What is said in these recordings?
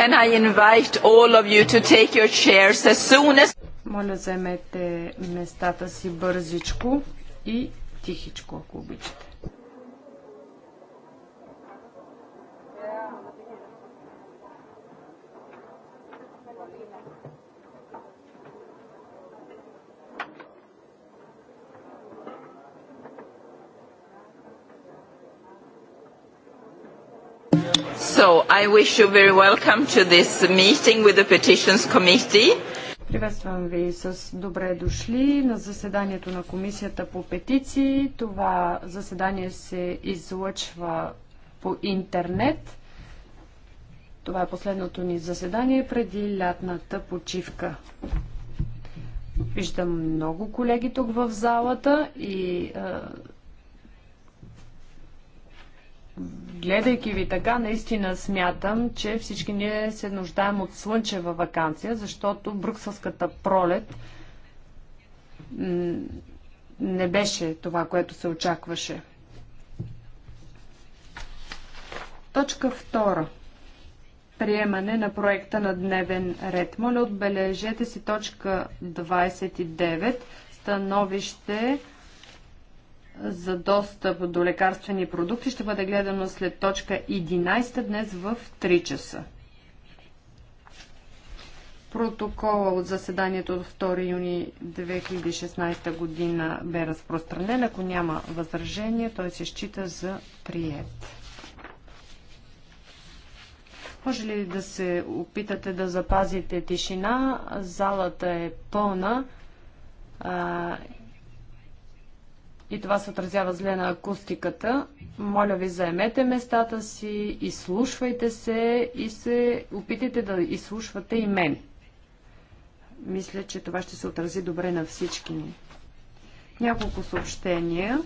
can I invite all of you to take your chairs as soon as... Моля, заемете местата си бързичко и тихичко, ако обичате. I wish you very welcome to this meeting with the Petitions Committee. Приветствам ви с добре дошли на заседанието на Комисията по петиции. Това заседание се излъчва по интернет. Това е последното ни заседание преди лятната почивка. Виждам много колеги тук в залата и гледайки ви така, наистина смятам, че всички ние се нуждаем от слънчева вакансия, защото брюкселската пролет не беше това, което се очакваше. Точка втора. Приемане на проекта на дневен ред. Моля, отбележете си точка 29. Становище за достъп до лекарствени продукти ще бъде гледано след точка 11 днес в 3 часа. Протокола от заседанието от 2 юни 2016 година бе разпространен. Ако няма възражение, той се счита за прият. Може ли да се опитате да запазите тишина? Залата е пълна и това се отразява зле на акустиката. Моля ви, заемете местата си, изслушвайте се и се опитайте да изслушвате и мен. Мисля, че това ще се отрази добре на всички ни. Няколко съобщения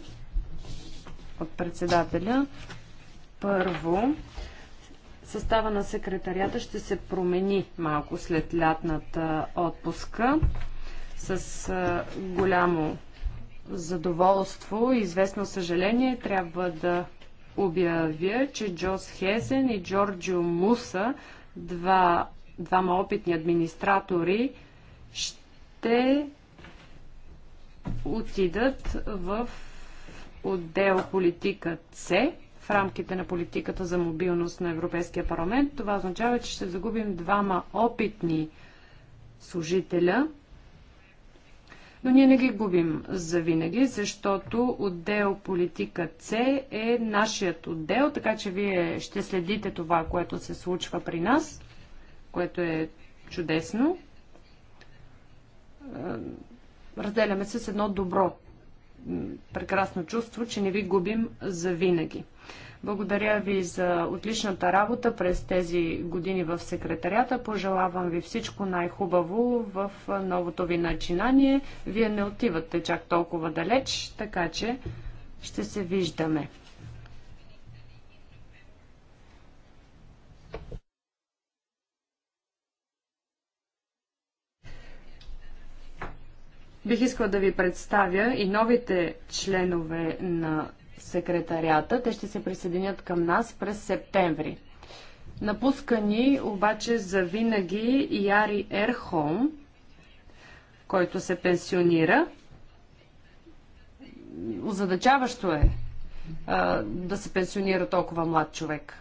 от председателя. Първо, състава на секретарията ще се промени малко след лятната отпуска с голямо задоволство и известно съжаление трябва да обявя, че Джос Хезен и Джорджио Муса, два, двама опитни администратори, ще отидат в отдел политика С в рамките на политиката за мобилност на Европейския парламент. Това означава, че ще загубим двама опитни служителя – но ние не ги губим за винаги, защото отдел политика С е нашият отдел, така че вие ще следите това, което се случва при нас, което е чудесно. Е, разделяме се с едно добро, прекрасно чувство, че не ви губим за винаги. Благодаря ви за отличната работа през тези години в секретарията. Пожелавам ви всичко най-хубаво в новото ви начинание. Вие не отивате чак толкова далеч, така че ще се виждаме. Бих искала да ви представя и новите членове на секретарията. Те ще се присъединят към нас през септември. Напуска ни обаче за винаги Яри Ерхолм, който се пенсионира. Озадачаващо е а, да се пенсионира толкова млад човек.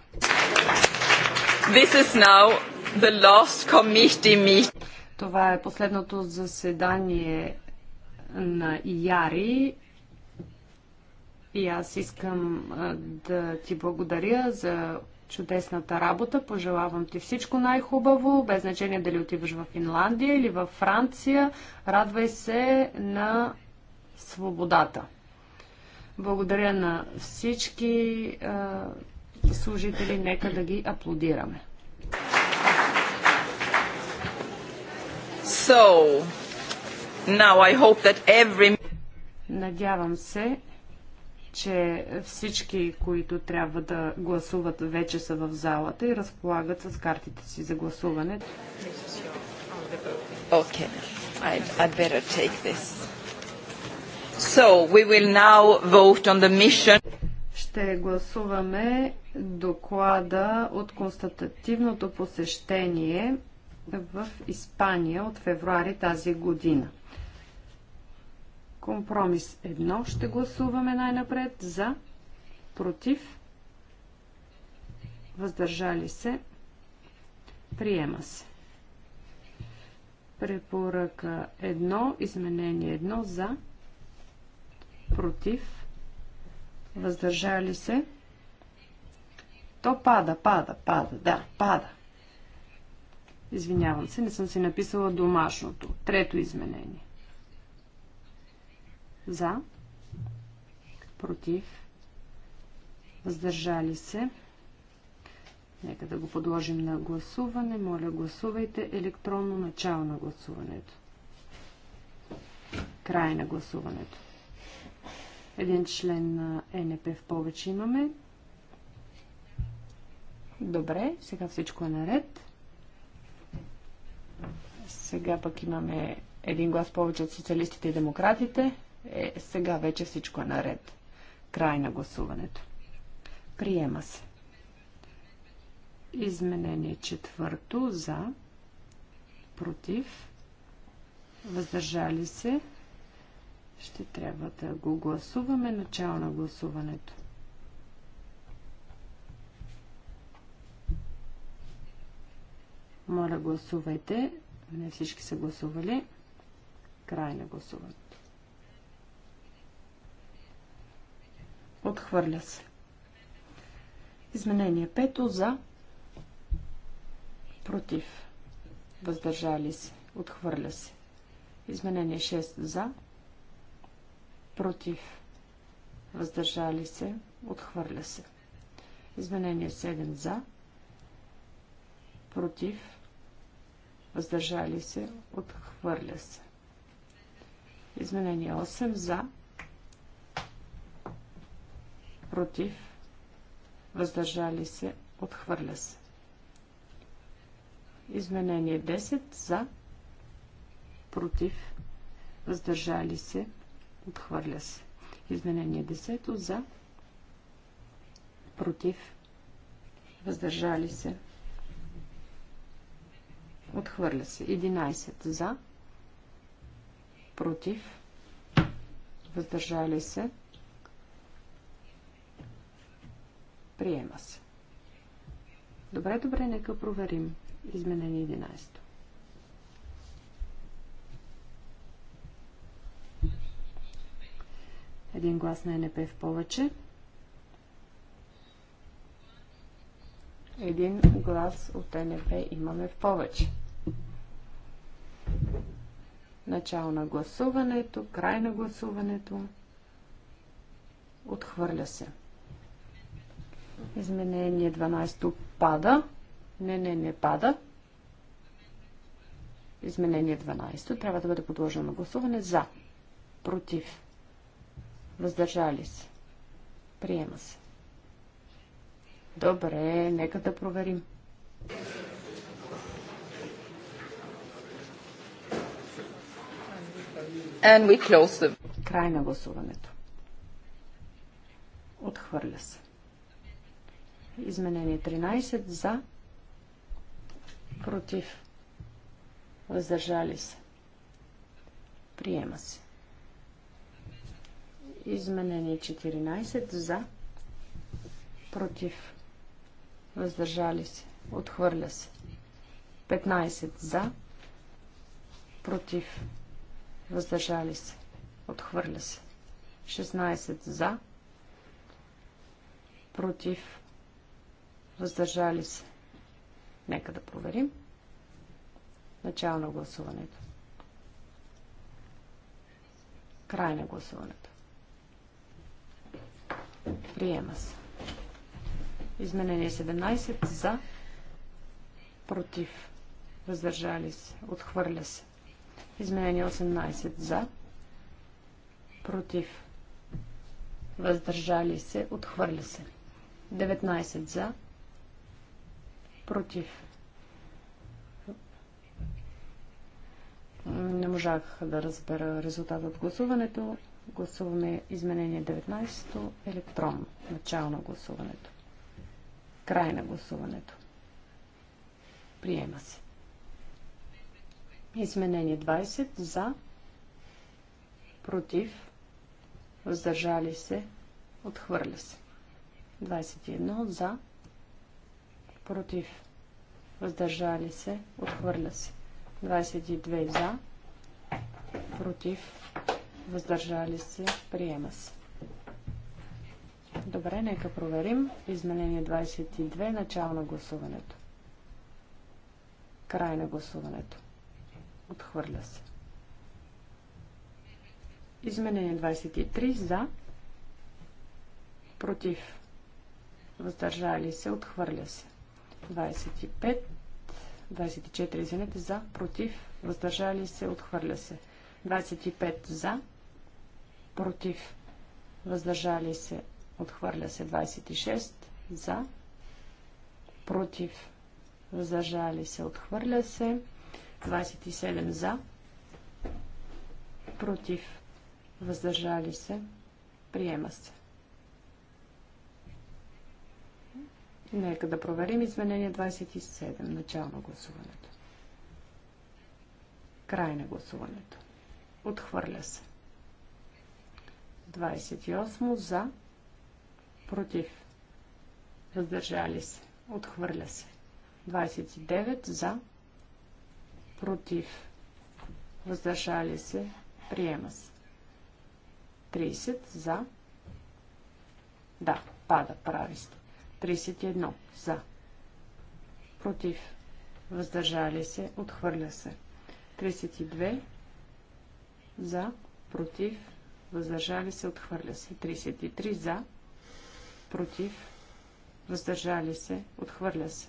This is now the last committee Това е последното заседание на Яри и аз искам да ти благодаря за чудесната работа. Пожелавам ти всичко най-хубаво, без значение дали отиваш в Финландия или в Франция. Радвай се на свободата. Благодаря на всички служители. Нека да ги аплодираме. So, now I hope that every... Надявам се, че всички, които трябва да гласуват, вече са в залата и разполагат с картите си за гласуване. Okay. I'd, I'd better take this. So, we will now vote on the mission. Ще гласуваме доклада от констатативното посещение в Испания от февруари тази година. Компромис 1 ще гласуваме най-напред за, против, въздържали се, приема се. Препоръка 1, изменение 1 за, против, въздържали се. То пада, пада, пада, да, пада. Извинявам се, не съм си написала домашното. Трето изменение. За. Против. Въздържали се. Нека да го подложим на гласуване. Моля, гласувайте електронно начало на гласуването. Край на гласуването. Един член на НП в повече имаме. Добре, сега всичко е наред. Сега пък имаме един глас повече от социалистите и демократите. Е, сега вече всичко е наред. Край на гласуването. Приема се. Изменение четвърто за, против, въздържали се. Ще трябва да го гласуваме. Начало на гласуването. Моля, гласувайте. Не всички са гласували. Край на гласуването. Отхвърля се. Изменение 5 за. Против. Въздържали се. Отхвърля се. Изменение 6 за. Против. Въздържали се. Отхвърля се. Изменение 7 за. Против. Въздържали се. Отхвърля се. Изменение 8 за. Против против, въздържали се, отхвърля се. Изменение 10 за, против, въздържали се, отхвърля се. Изменение 10 за, против, въздържали се, отхвърля се. 11 за, против, въздържали се, отхвърля се Приема се. Добре, добре, нека проверим. Изменение 11. Един глас на НП в повече. Един глас от НП имаме в повече. Начало на гласуването, край на гласуването. Отхвърля се. Изменение 12 пада. Не, не, не пада. Изменение 12 трябва да бъде подложено на гласуване за, против, въздържали се, приема се. Добре, нека да проверим. And we close Край на гласуването. Отхвърля се. Изменение 13 за, против, въздържали се. Приема се. Изменение 14 за, против, въздържали се. Отхвърля се. 15 за, против, въздържали се. Отхвърля се. 16 за, против, въздържали се. Нека да проверим. Начало на гласуването. Край на гласуването. Приема се. Изменение 17 за, против, въздържали се, отхвърля се. Изменение 18 за, против, въздържали се, отхвърля се. 19 за, Против. Не можах да разбера резултата от гласуването. Гласуваме изменение 19 електронно. Начало на гласуването. Край на гласуването. Приема се. Изменение 20 за, против, въздържали се, отхвърля се. 21 за, против, въздържали се, отхвърля се. 22 за, против, въздържали се, приема се. Добре, нека проверим. Изменение 22, начало на гласуването. Край на гласуването. Отхвърля се. Изменение 23 за, против, въздържали се, отхвърля се. 25, 24, извинете, за, против, въздържали се, отхвърля се. 25 за, против, въздържали се, отхвърля се. 26 за, против, въздържали се, отхвърля се. 27 за, против, въздържали се, приема се. Нека да проверим изменение 27. Начало на гласуването. Край на гласуването. Отхвърля се. 28 за. Против. Въздържали се. Отхвърля се. 29 за. Против. Въздържали се. Приема се. 30 за. Да, пада, прави сте. 31 за. Против. Въздържали се. Отхвърля се. 32 за. Против. Въздържали се. Отхвърля се. 33 за. Против. Въздържали се. Отхвърля се.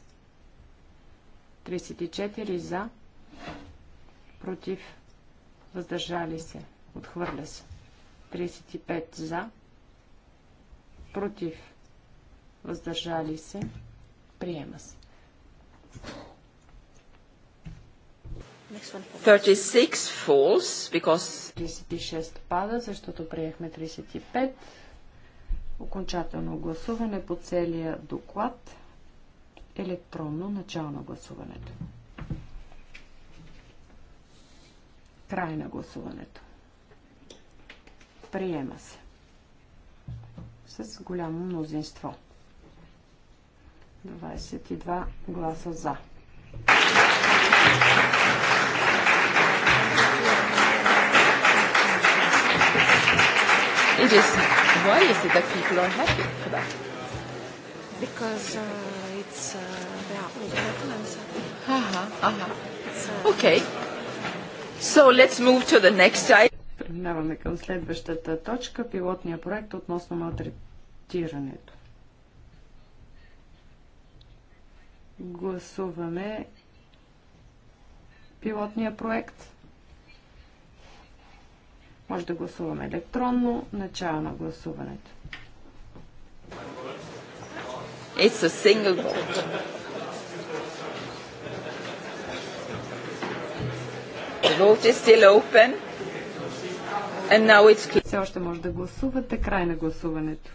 34 за. Против. Въздържали се. Отхвърля се. 35 за. Против въздържали се, приема се. 36 false, because... 36 пада, защото приехме 35. Окончателно гласуване по целия доклад. Електронно начало на гласуването. Край на гласуването. Приема се. С голямо мнозинство. 22 гласа за. It is, why is it that people are happy for that? Because uh, it's uh, they are all Catalans. Uh-huh, uh-huh. It's, uh, okay. So let's move to the next item. Преминаваме към следващата точка пилотния проект относно малтретирането. гласуваме пилотния проект. Може да гласуваме електронно. Начало на гласуването. It's a single vote. The vote is still open. And now it's clear. Все още може да гласувате. Край на гласуването.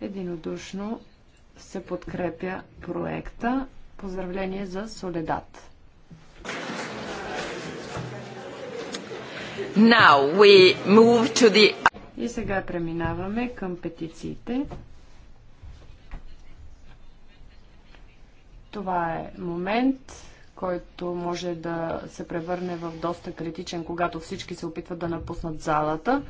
Единодушно се подкрепя проекта. Поздравление за Соледат. Now we move to the... И сега преминаваме към петициите. Това е момент, който може да се превърне в доста критичен, когато всички се опитват да напуснат залата.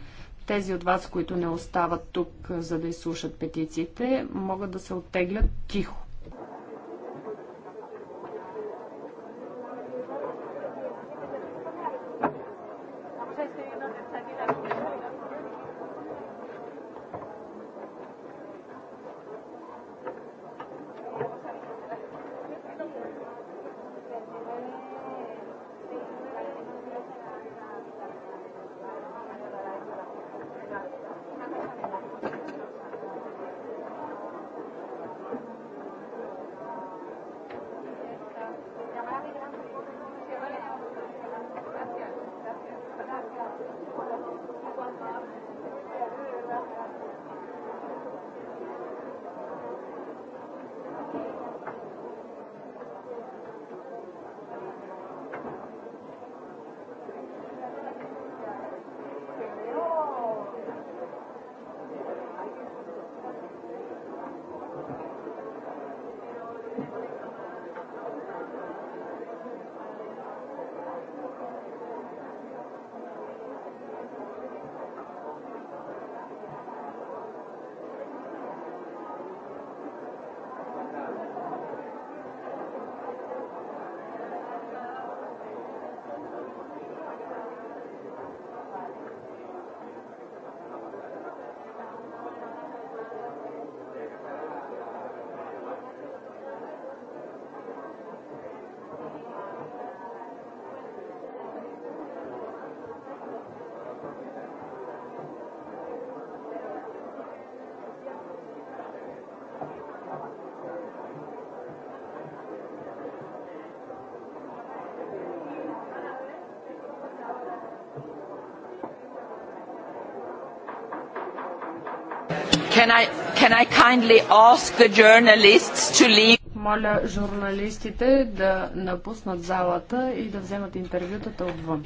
Тези от вас, които не остават тук, за да изслушат петициите, могат да се оттеглят тихо. Can I, can I kindly ask the journalists to leave? Моля журналистите да напуснат залата и да вземат интервютата отвън.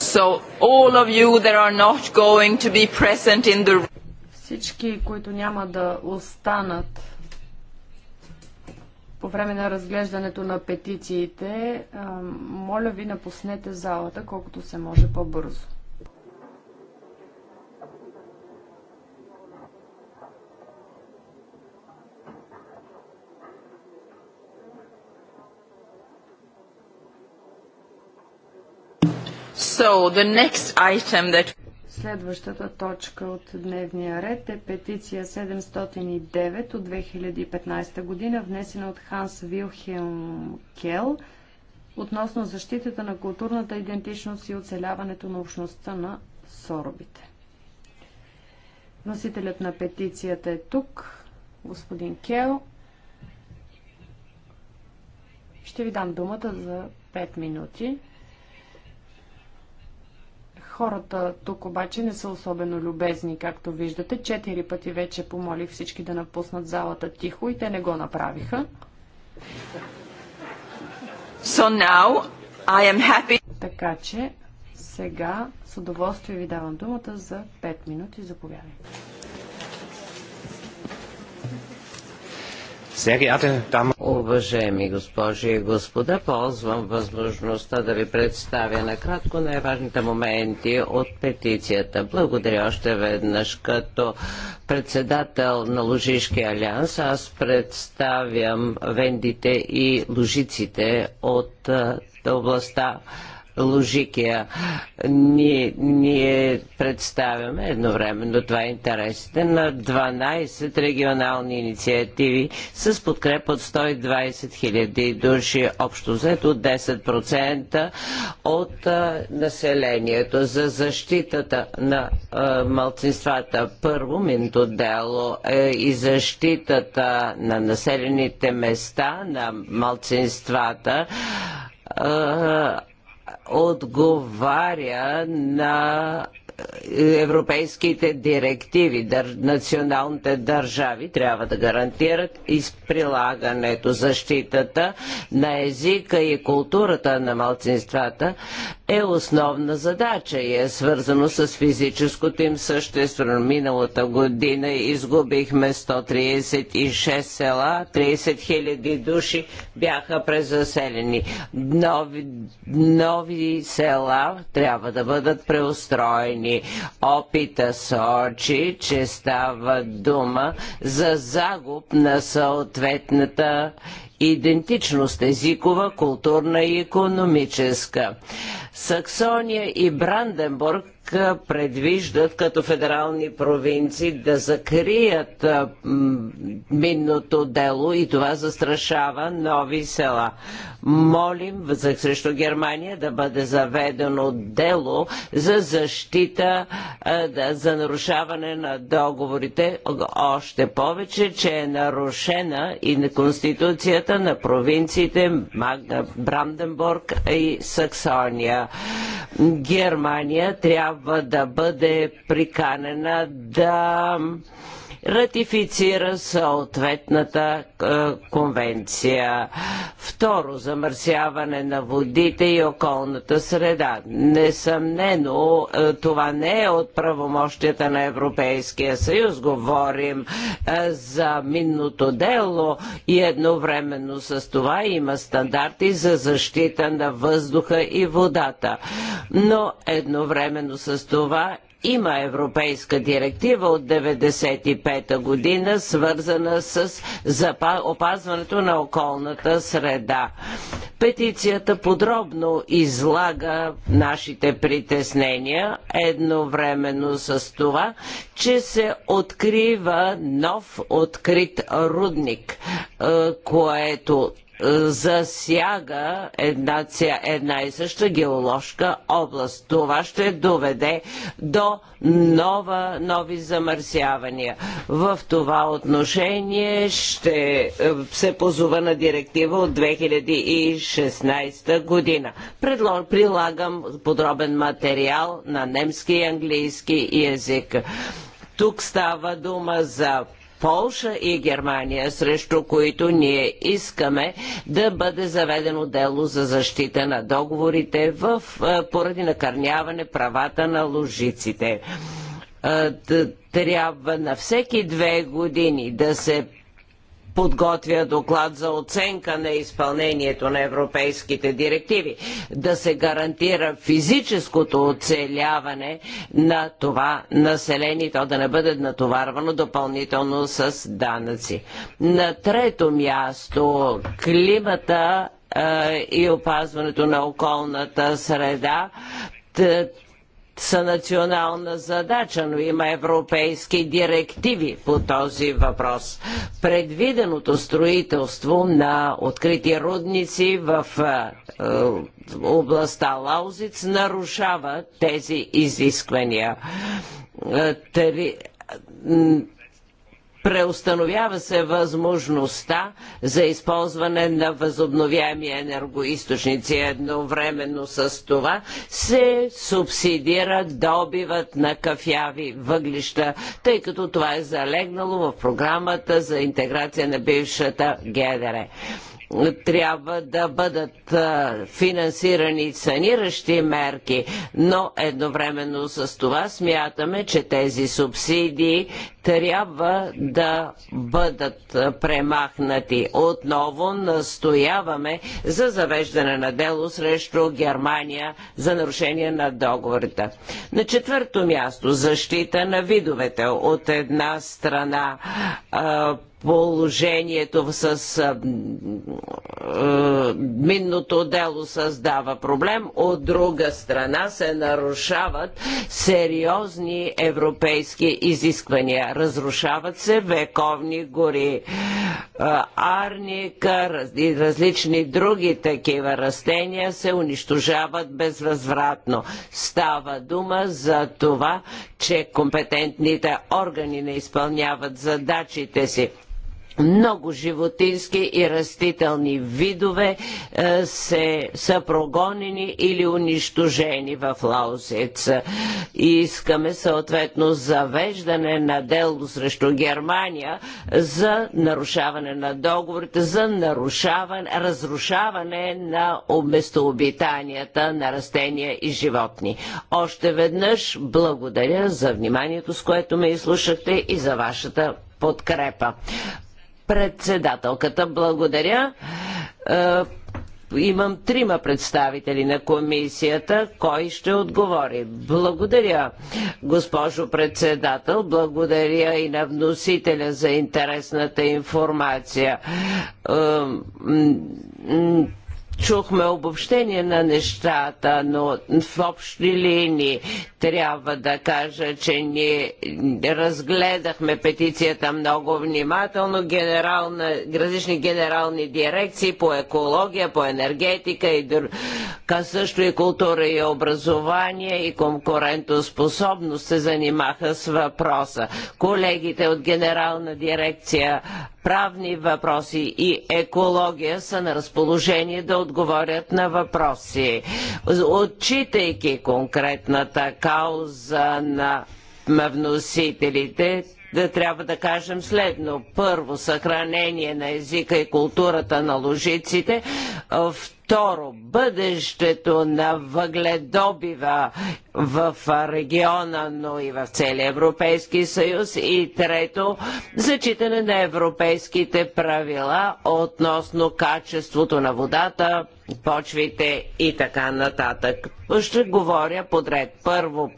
So all of you that are not going to be present in the Всички, които няма да останат време на разглеждането на петициите, моля ви напуснете залата колкото се може по-бързо. So the next item that Следващата точка от дневния ред е петиция 709 от 2015 година, внесена от Ханс Вилхелм Кел относно защитата на културната идентичност и оцеляването на общността на соробите. Носителят на петицията е тук, господин Кел. Ще ви дам думата за 5 минути. Хората тук обаче не са особено любезни, както виждате. Четири пъти вече помолих всички да напуснат залата тихо и те не го направиха. So now I am happy. Така че сега с удоволствие ви давам думата за 5 минути. Заповядайте. Уважаеми госпожи и господа, ползвам възможността да ви представя накратко най-важните моменти от петицията. Благодаря още веднъж като председател на Лужишкия алианс. Аз представям вендите и лужиците от областта Лужикия. Ние, ние представяме едновременно това е интересите на 12 регионални инициативи с подкрепа от 120 хиляди души, общо взето 10% от а, населението за защитата на а, малцинствата. Първо минто дело е и защитата на населените места на малцинствата а, отговаря на европейските директиви, дър, националните държави трябва да гарантират изприлагането, защитата на езика и културата на малцинствата е основна задача и е свързано с физическото им съществено. Миналата година изгубихме 136 села, 30 хиляди души бяха презаселени. Нови, нови села трябва да бъдат преустроени години. Опита сочи, че става дума за загуб на съответната идентичност езикова, културна и економическа. Саксония и Бранденбург предвиждат като федерални провинции да закрият минното дело и това застрашава нови села. Молим срещу Германия да бъде заведено дело за защита за нарушаване на договорите, още повече, че е нарушена и на конституцията на провинциите Бранденбург и Саксония. Германия трябва трябва да бъде приканена да ратифицира съответната конвенция. Второ, замърсяване на водите и околната среда. Несъмнено, това не е от правомощията на Европейския съюз. Говорим за минното дело и едновременно с това има стандарти за защита на въздуха и водата. Но едновременно с това има европейска директива от 1995 година, свързана с опазването на околната среда. Петицията подробно излага нашите притеснения, едновременно с това, че се открива нов открит рудник, е, което е, засяга една, една и съща геоложка област. Това ще доведе до нова, нови замърсявания. В това отношение ще е, се позова на директива от 2016 година. Предлог, прилагам подробен материал на немски и английски язик. Тук става дума за Полша и Германия, срещу които ние искаме да бъде заведено дело за защита на договорите в, поради накърняване правата на лужиците трябва на всеки две години да се подготвя доклад за оценка на изпълнението на европейските директиви, да се гарантира физическото оцеляване на това население, то да не бъде натоварвано допълнително с данъци. На трето място климата и опазването на околната среда са национална задача, но има европейски директиви по този въпрос. Предвиденото строителство на открити рудници в е, е, областта Лаузиц нарушава тези изисквания. Е, тери... Преустановява се възможността за използване на възобновяеми енергоисточници. Едновременно с това се субсидира добивът на кафяви въглища, тъй като това е залегнало в програмата за интеграция на бившата ГДР трябва да бъдат финансирани саниращи мерки, но едновременно с това смятаме, че тези субсидии трябва да бъдат премахнати. Отново настояваме за завеждане на дело срещу Германия за нарушение на договорите. На четвърто място защита на видовете от една страна положението с а, а, минното дело създава проблем, от друга страна се нарушават сериозни европейски изисквания. Разрушават се вековни гори, а, арника раз, и различни други такива растения се унищожават безвъзвратно. Става дума за това, че компетентните органи не изпълняват задачите си много животински и растителни видове е, се, са прогонени или унищожени в Лаусец. И искаме съответно завеждане на дело срещу Германия за нарушаване на договорите, за нарушаване, разрушаване на местообитанията на растения и животни. Още веднъж благодаря за вниманието, с което ме изслушахте и за вашата подкрепа. Председателката, благодаря. Е, имам трима представители на комисията. Кой ще отговори? Благодаря, госпожо председател. Благодаря и на вносителя за интересната информация е, чухме обобщение на нещата, но в общи линии трябва да кажа, че ние разгледахме петицията много внимателно. Генерална, различни генерални дирекции по екология, по енергетика и дър... също и култура и образование и конкурентоспособност се занимаха с въпроса. Колегите от генерална дирекция правни въпроси и екология са на разположение да отговорят на въпроси. Отчитайки конкретната кауза на вносителите, да трябва да кажем следно. Първо, съхранение на езика и културата на лужиците. Второ, Второ, бъдещето на въгледобива в региона, но и в целия Европейски съюз. И трето, зачитане на европейските правила относно качеството на водата, почвите и така нататък. Ще говоря подред. Първо,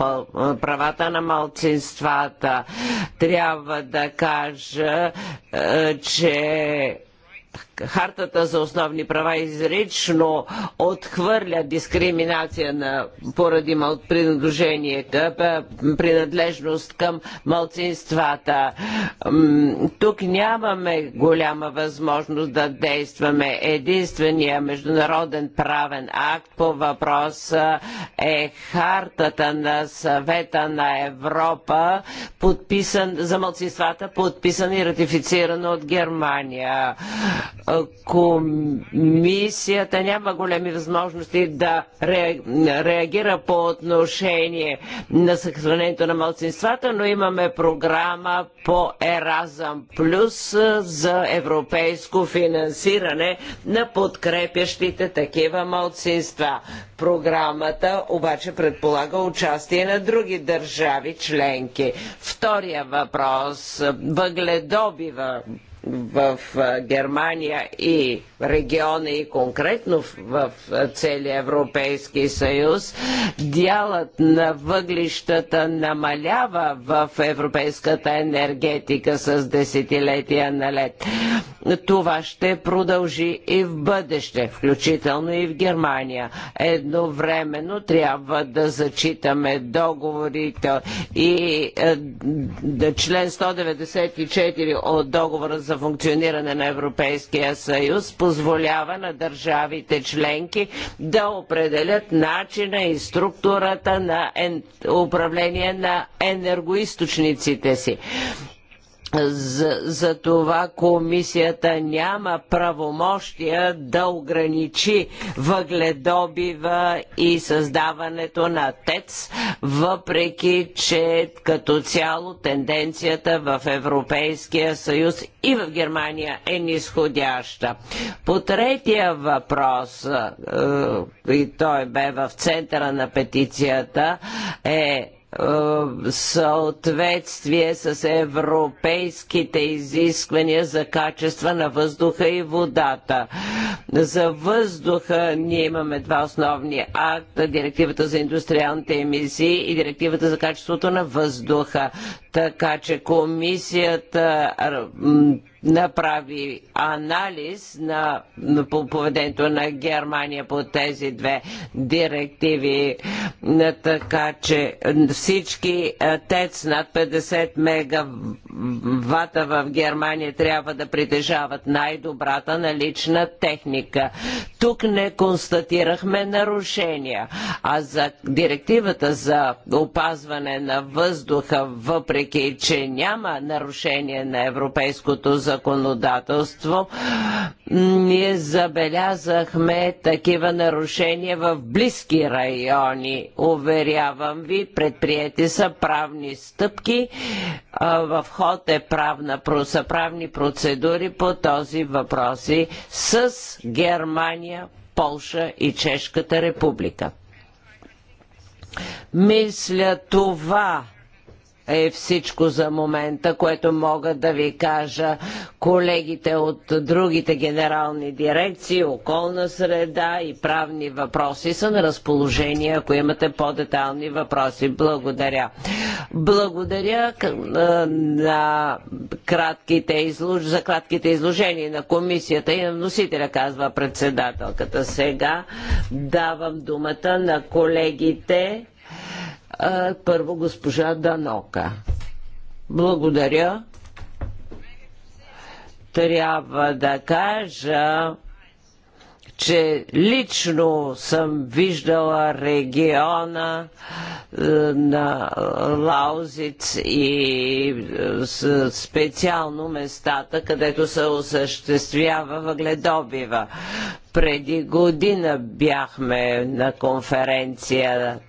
правата на малцинствата. Трябва да кажа, е, че Хартата за основни права изрично отхвърля дискриминация на, поради принадлежение, принадлежност към малцинствата. Тук нямаме голяма възможност да действаме. Единствения международен правен акт по въпроса е Хартата на съвета на Европа подписан, за малцинствата, подписан и ратифициран от Германия. Комисията няма големи възможности да реагира по отношение на съхранението на малцинствата, но имаме програма по Еразъм Плюс за европейско финансиране на подкрепящите такива малцинства. Програмата обаче предполага участие на други държави членки. Втория въпрос въгледобива в Германия и региона и конкретно в, в целия Европейски съюз, дялът на въглищата намалява в европейската енергетика с десетилетия лед. Това ще продължи и в бъдеще, включително и в Германия. Едновременно трябва да зачитаме договорите и е, член 194 от договора за функциониране на Европейския съюз позволява на държавите членки да определят начина и структурата на управление на енергоисточниците си за, за това комисията няма правомощия да ограничи въгледобива и създаването на ТЕЦ, въпреки че като цяло тенденцията в Европейския съюз и в Германия е нисходяща. По третия въпрос, е, и той бе в центъра на петицията, е е, съответствие с европейските изисквания за качество на въздуха и водата. За въздуха ние имаме два основни акта директивата за индустриалните емисии и директивата за качеството на въздуха. Така че комисията направи анализ на поведението на Германия по тези две директиви, така че всички ТЕЦ над 50 мегавата в Германия трябва да притежават най-добрата налична техника. Тук не констатирахме нарушения, а за директивата за опазване на въздуха, въпреки че няма нарушение на европейското законодателство, законодателство, ние забелязахме такива нарушения в близки райони. Уверявам ви, предприяти са правни стъпки, в ход е правна, са правни процедури по този въпрос с Германия, Полша и Чешката република. Мисля това е всичко за момента, което мога да ви кажа колегите от другите генерални дирекции, околна среда и правни въпроси са на разположение, ако имате по-детални въпроси. Благодаря. Благодаря на кратките излуж... за кратките изложения на комисията и на вносителя, казва председателката. Сега давам думата на колегите. Първо госпожа Данока. Благодаря трябва да кажа, че лично съм виждала региона е, на Лаузиц и е, специално местата, където се осъществява въгледобива. Преди година бяхме на конференция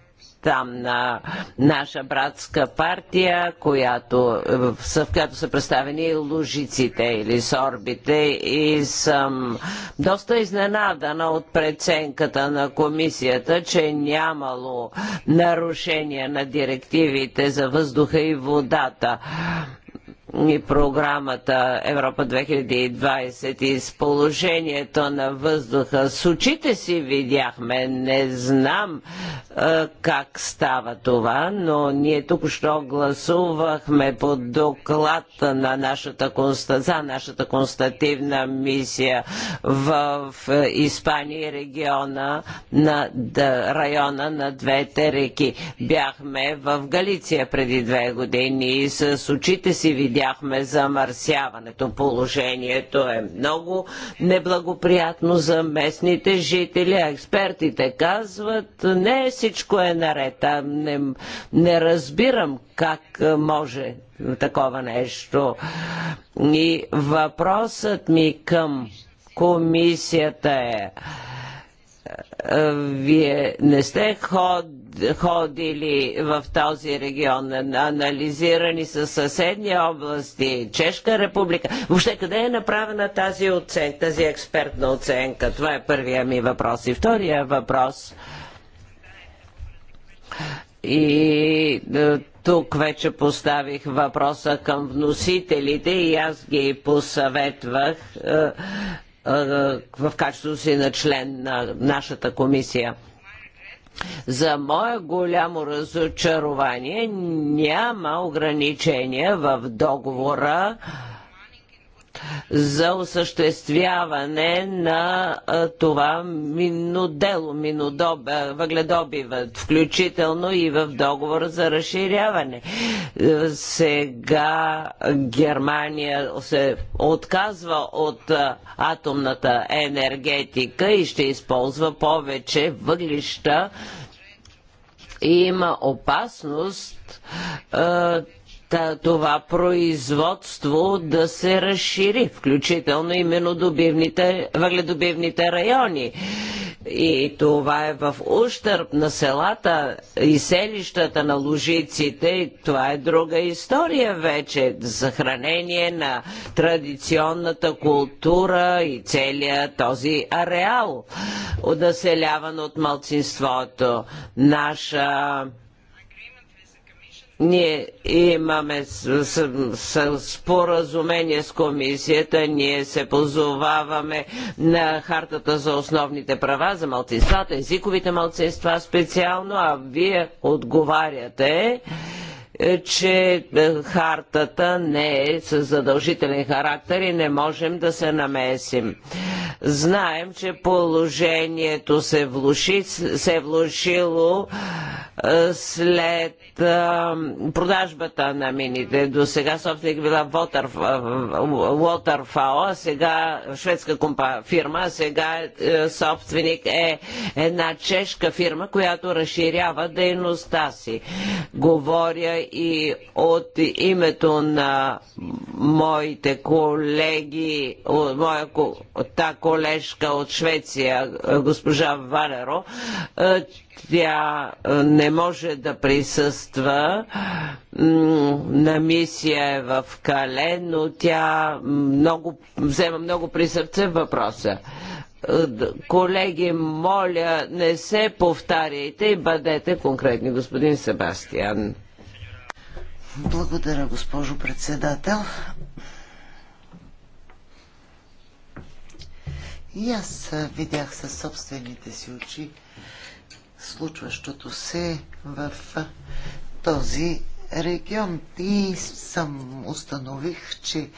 там на наша братска партия, която, в която са представени и лужиците или сорбите и съм доста изненадана от преценката на комисията, че нямало нарушение на директивите за въздуха и водата и програмата Европа 2020 и с положението на въздуха. С очите си видяхме, не знам е, как става това, но ние тук що гласувахме по доклад на нашата, за нашата констативна мисия в, в Испания региона на да, района на двете реки. Бяхме в Галиция преди две години и с очите си видяхме видяхме замърсяването. Положението е много неблагоприятно за местните жители, експертите казват, не всичко е наред. А не, не разбирам как може такова нещо. И въпросът ми към комисията е вие не сте ход, ходили в този регион, анализирани са съседни области, Чешка република. Въобще къде е направена тази оценка, тази експертна оценка? Това е първия ми въпрос. И втория въпрос. И тук вече поставих въпроса към вносителите и аз ги посъветвах в качеството си на член на нашата комисия. За мое голямо разочарование няма ограничения в договора за осъществяване на това минодело, минодоб, въгледобивът, включително и в договор за разширяване. Е, сега Германия се отказва от атомната енергетика и ще използва повече въглища и има опасност това производство да се разшири, включително и минодобивните, въгледобивните райони. И това е в ущърп на селата и селищата на лужиците. Това е друга история вече. Захранение на традиционната култура и целият този ареал, населяван от малцинството. Наша ние имаме с, споразумение с комисията, ние се позоваваме на хартата за основните права, за малцинствата, езиковите малцинства специално, а вие отговаряте е, че е, хартата не е с задължителен характер и не можем да се намесим. Знаем, че положението се, влуши, се е влушило след продажбата на мините. До сега собственик е била Waterfall, сега шведска компа, фирма, сега е, собственик е една чешка фирма, която разширява дейността си. Говоря и от името на моите колеги, моя та колежка от Швеция, е, госпожа Валеро. Е, тя е, не може да присъства на мисия е в Кале, но тя много, взема много при сърце въпроса. Колеги, моля, не се повтаряйте и бъдете конкретни, господин Себастиан. Благодаря, госпожо председател. И аз видях със собствените си очи случващото се в този регион и съм установих, че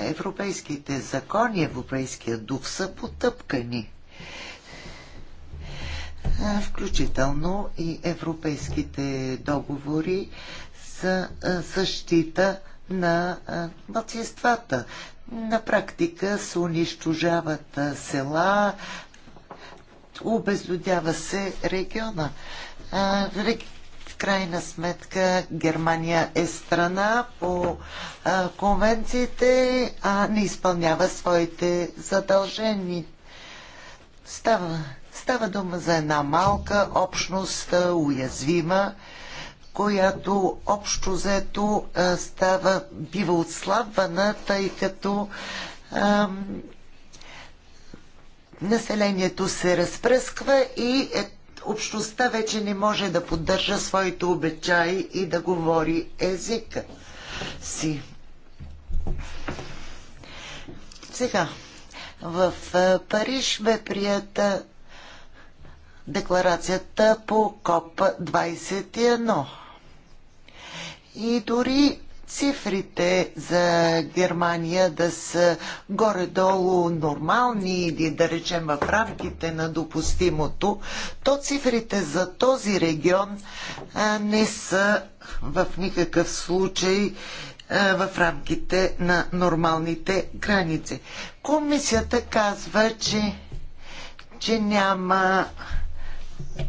европейските закони, европейския дух са потъпкани. Включително и европейските договори за защита на младсинствата на практика се унищожават села, обезлюдява се региона. В крайна сметка Германия е страна по конвенциите, а не изпълнява своите задължения. Става, става дума за една малка общност, уязвима, която общо заето става, бива отслабвана, тъй като ам, населението се разпръсква и е, общността вече не може да поддържа своите обичаи и да говори езика си. Сега, в Париж бе прията декларацията по КОП 21. И дори цифрите за Германия да са горе-долу нормални или да речем в рамките на допустимото, то цифрите за този регион а, не са в никакъв случай в рамките на нормалните граници. Комисията казва, че, че няма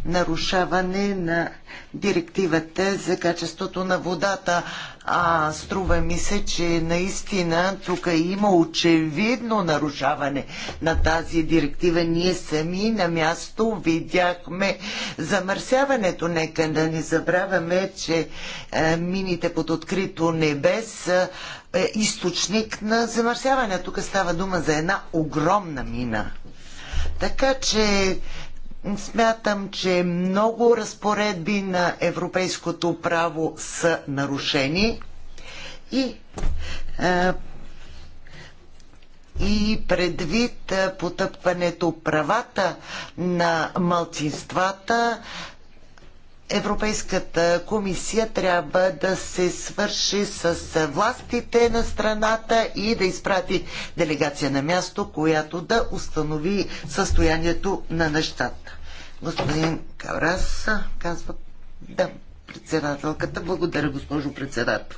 нарушаване на директивата за качеството на водата. А струва ми се, че наистина тук има очевидно нарушаване на тази директива. Ние сами на място видяхме замърсяването. Нека да не забравяме, че е, мините под открито небе са е, източник на замърсяване. Тук става дума за една огромна мина. Така че Смятам, че много разпоредби на европейското право са нарушени и, е, и предвид е, потъпването правата на малцинствата, Европейската комисия трябва да се свърши с властите на страната и да изпрати делегация на място, която да установи състоянието на нещата. Господин Каврас, казва да, председателката. Благодаря, госпожо председател.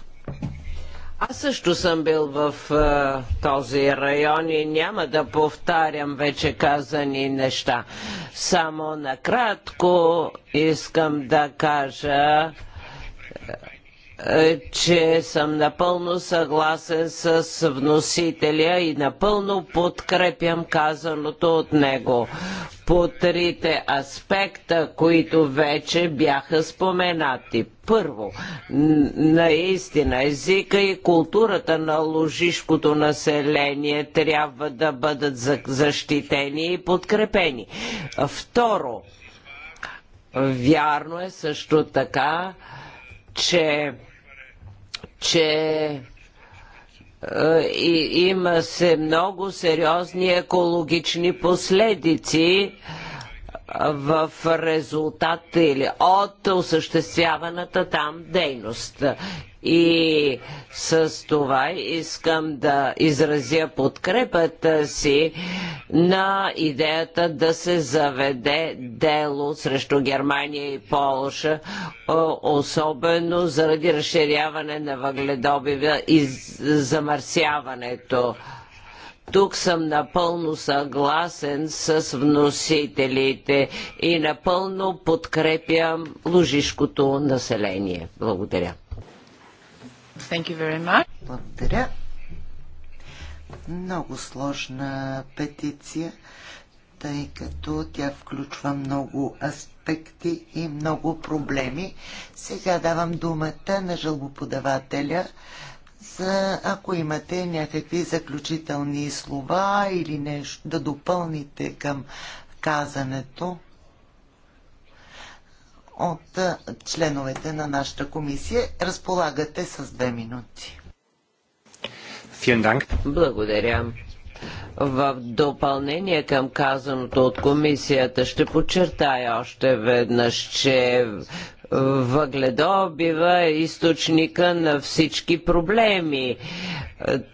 Аз също съм бил в е, този район и няма да повтарям вече казани неща. Само накратко искам да кажа е, че съм напълно съгласен с вносителя и напълно подкрепям казаното от него по трите аспекта, които вече бяха споменати. Първо, наистина езика и културата на ложишкото население трябва да бъдат защитени и подкрепени. Второ, вярно е също така, че, че е, и има се много сериозни екологични последици в резултат или от осъществяваната там дейност. И с това искам да изразя подкрепата си на идеята да се заведе дело срещу Германия и Полша, особено заради разширяване на въгледобива и замърсяването. Тук съм напълно съгласен с вносителите и напълно подкрепям лужишкото население. Благодаря. Thank you very much. Благодаря. Много сложна петиция, тъй като тя включва много аспекти и много проблеми. Сега давам думата на жалбоподавателя ако имате някакви заключителни слова или нещо да допълните към казането от членовете на нашата комисия. Разполагате с две минути. Благодаря. В допълнение към казаното от комисията ще подчертая още веднъж, че въгледобива е източника на всички проблеми.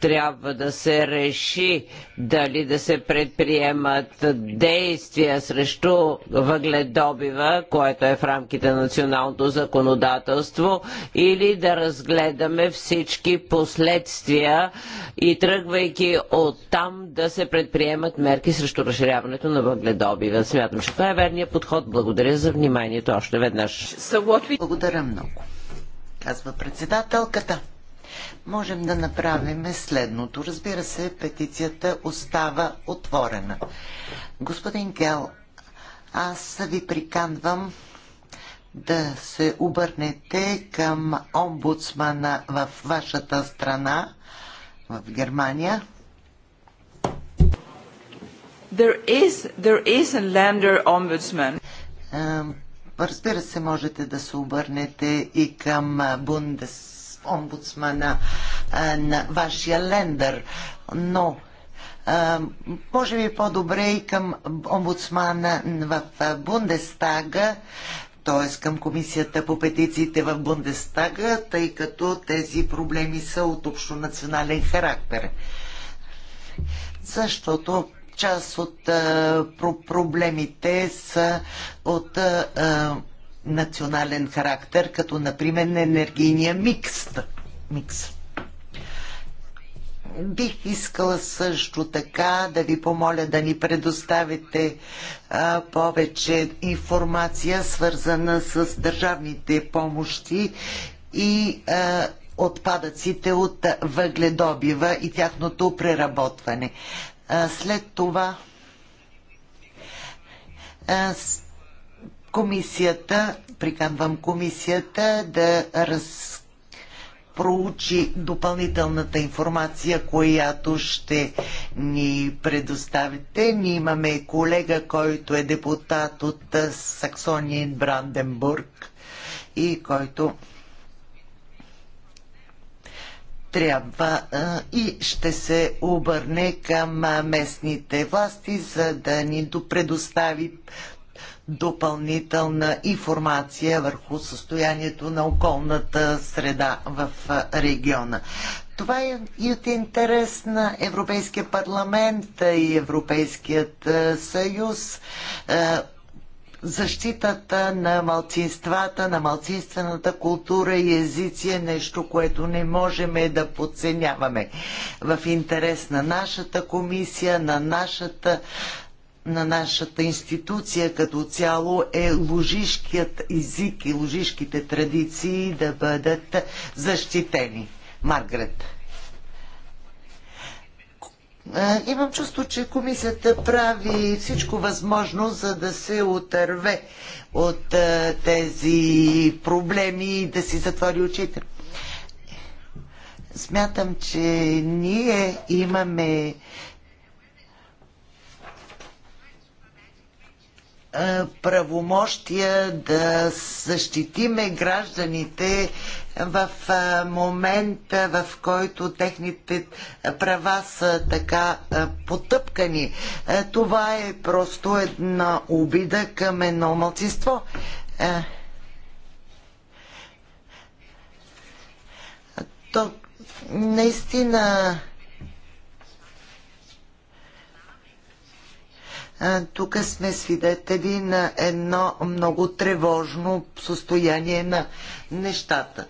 Трябва да се реши дали да се предприемат действия срещу въгледобива, което е в рамките на националното законодателство, или да разгледаме всички последствия и тръгвайки от там да се предприемат мерки срещу разширяването на въгледобива. Смятам, че това е верният подход. Благодаря за вниманието още веднъж работи. Благодаря много, казва председателката. Можем да направим следното. Разбира се, петицията остава отворена. Господин Гел, аз ви приканвам да се обърнете към омбудсмана в вашата страна, в Германия. There is, there is a lander ombudsman. Разбира се, можете да се обърнете и към Бундес омбудсмана на вашия лендър, но може би по-добре и към омбудсмана в Бундестага, т.е. към комисията по петициите в Бундестага, тъй като тези проблеми са от общо национален характер. Защото част от а, про проблемите са от а, национален характер, като например на енергийния микс. микс. Бих искала също така да ви помоля да ни предоставите а, повече информация, свързана с държавните помощи и а, отпадъците от въгледобива и тяхното преработване. След това комисията, приканвам комисията да раз проучи допълнителната информация, която ще ни предоставите. Ние имаме колега, който е депутат от Саксония и Бранденбург и който трябва а, и ще се обърне към местните власти, за да ни предостави допълнителна информация върху състоянието на околната среда в региона. Това е и от интерес на Европейския парламент и Европейският съюз защитата на малцинствата, на малцинствената култура и езици е нещо, което не можем да подценяваме. В интерес на нашата комисия, на нашата на нашата институция като цяло е лужишкият език и лужишките традиции да бъдат защитени. Маргарет. Е, имам чувство, че комисията прави всичко възможно, за да се отърве от е, тези проблеми и да си затвори очите. Смятам, че ние имаме правомощия да защитиме гражданите в момента, в който техните права са така потъпкани. Това е просто една обида към едно мълцинство. То наистина тук сме свидетели на едно много тревожно състояние на нещата.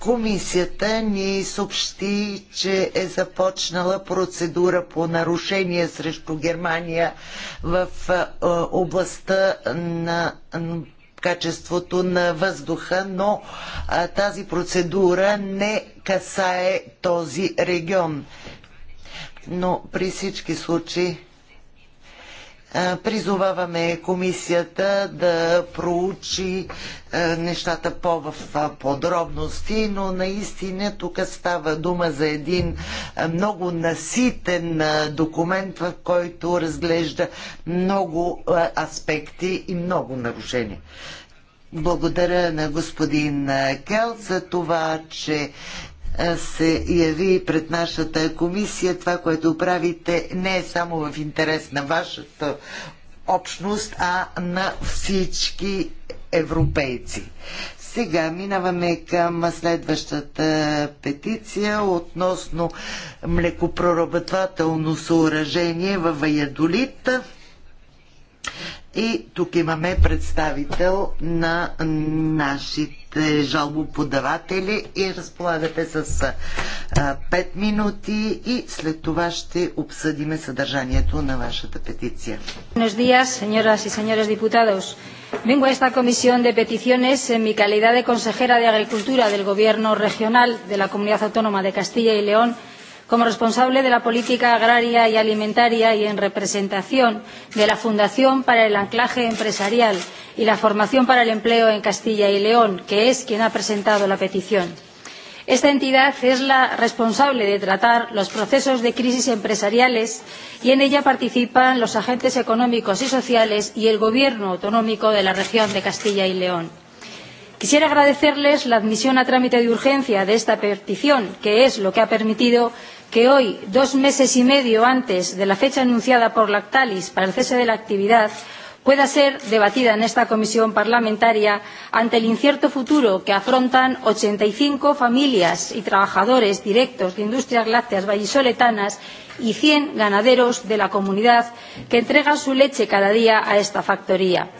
Комисията ни съобщи, че е започнала процедура по нарушение срещу Германия в областта на качеството на въздуха, но тази процедура не касае този регион. Но при всички случаи Призоваваме комисията да проучи нещата по в подробности, но наистина тук става дума за един много наситен документ, в който разглежда много аспекти и много нарушения. Благодаря на господин Кел за това, че се яви пред нашата комисия. Това, което правите, не е само в интерес на вашата общност, а на всички европейци. Сега минаваме към следващата петиция относно млекопроработвателно съоръжение във Ваядолит. И тук имаме представител на нашите сте жалбоподаватели и разполагате с 5 минути и след това ще обсъдиме съдържанието на вашата петиция. Buenos días, señoras y señores diputados. Vengo a esta comisión de peticiones en mi calidad de consejera de Agricultura del Gobierno Regional de la Comunidad Autónoma de Castilla y León Como responsable de la política agraria y alimentaria y en representación de la Fundación para el Anclaje Empresarial y la Formación para el Empleo en Castilla y León, que es quien ha presentado la petición. Esta entidad es la responsable de tratar los procesos de crisis empresariales y en ella participan los agentes económicos y sociales y el Gobierno autonómico de la región de Castilla y León. Quisiera agradecerles la admisión a trámite de urgencia de esta petición, que es lo que ha permitido que hoy, dos meses y medio antes de la fecha anunciada por Lactalis para el cese de la actividad, pueda ser debatida en esta comisión parlamentaria ante el incierto futuro que afrontan ochenta y cinco familias y trabajadores directos de industrias lácteas vallisoletanas y cien ganaderos de la comunidad que entregan su leche cada día a esta factoría.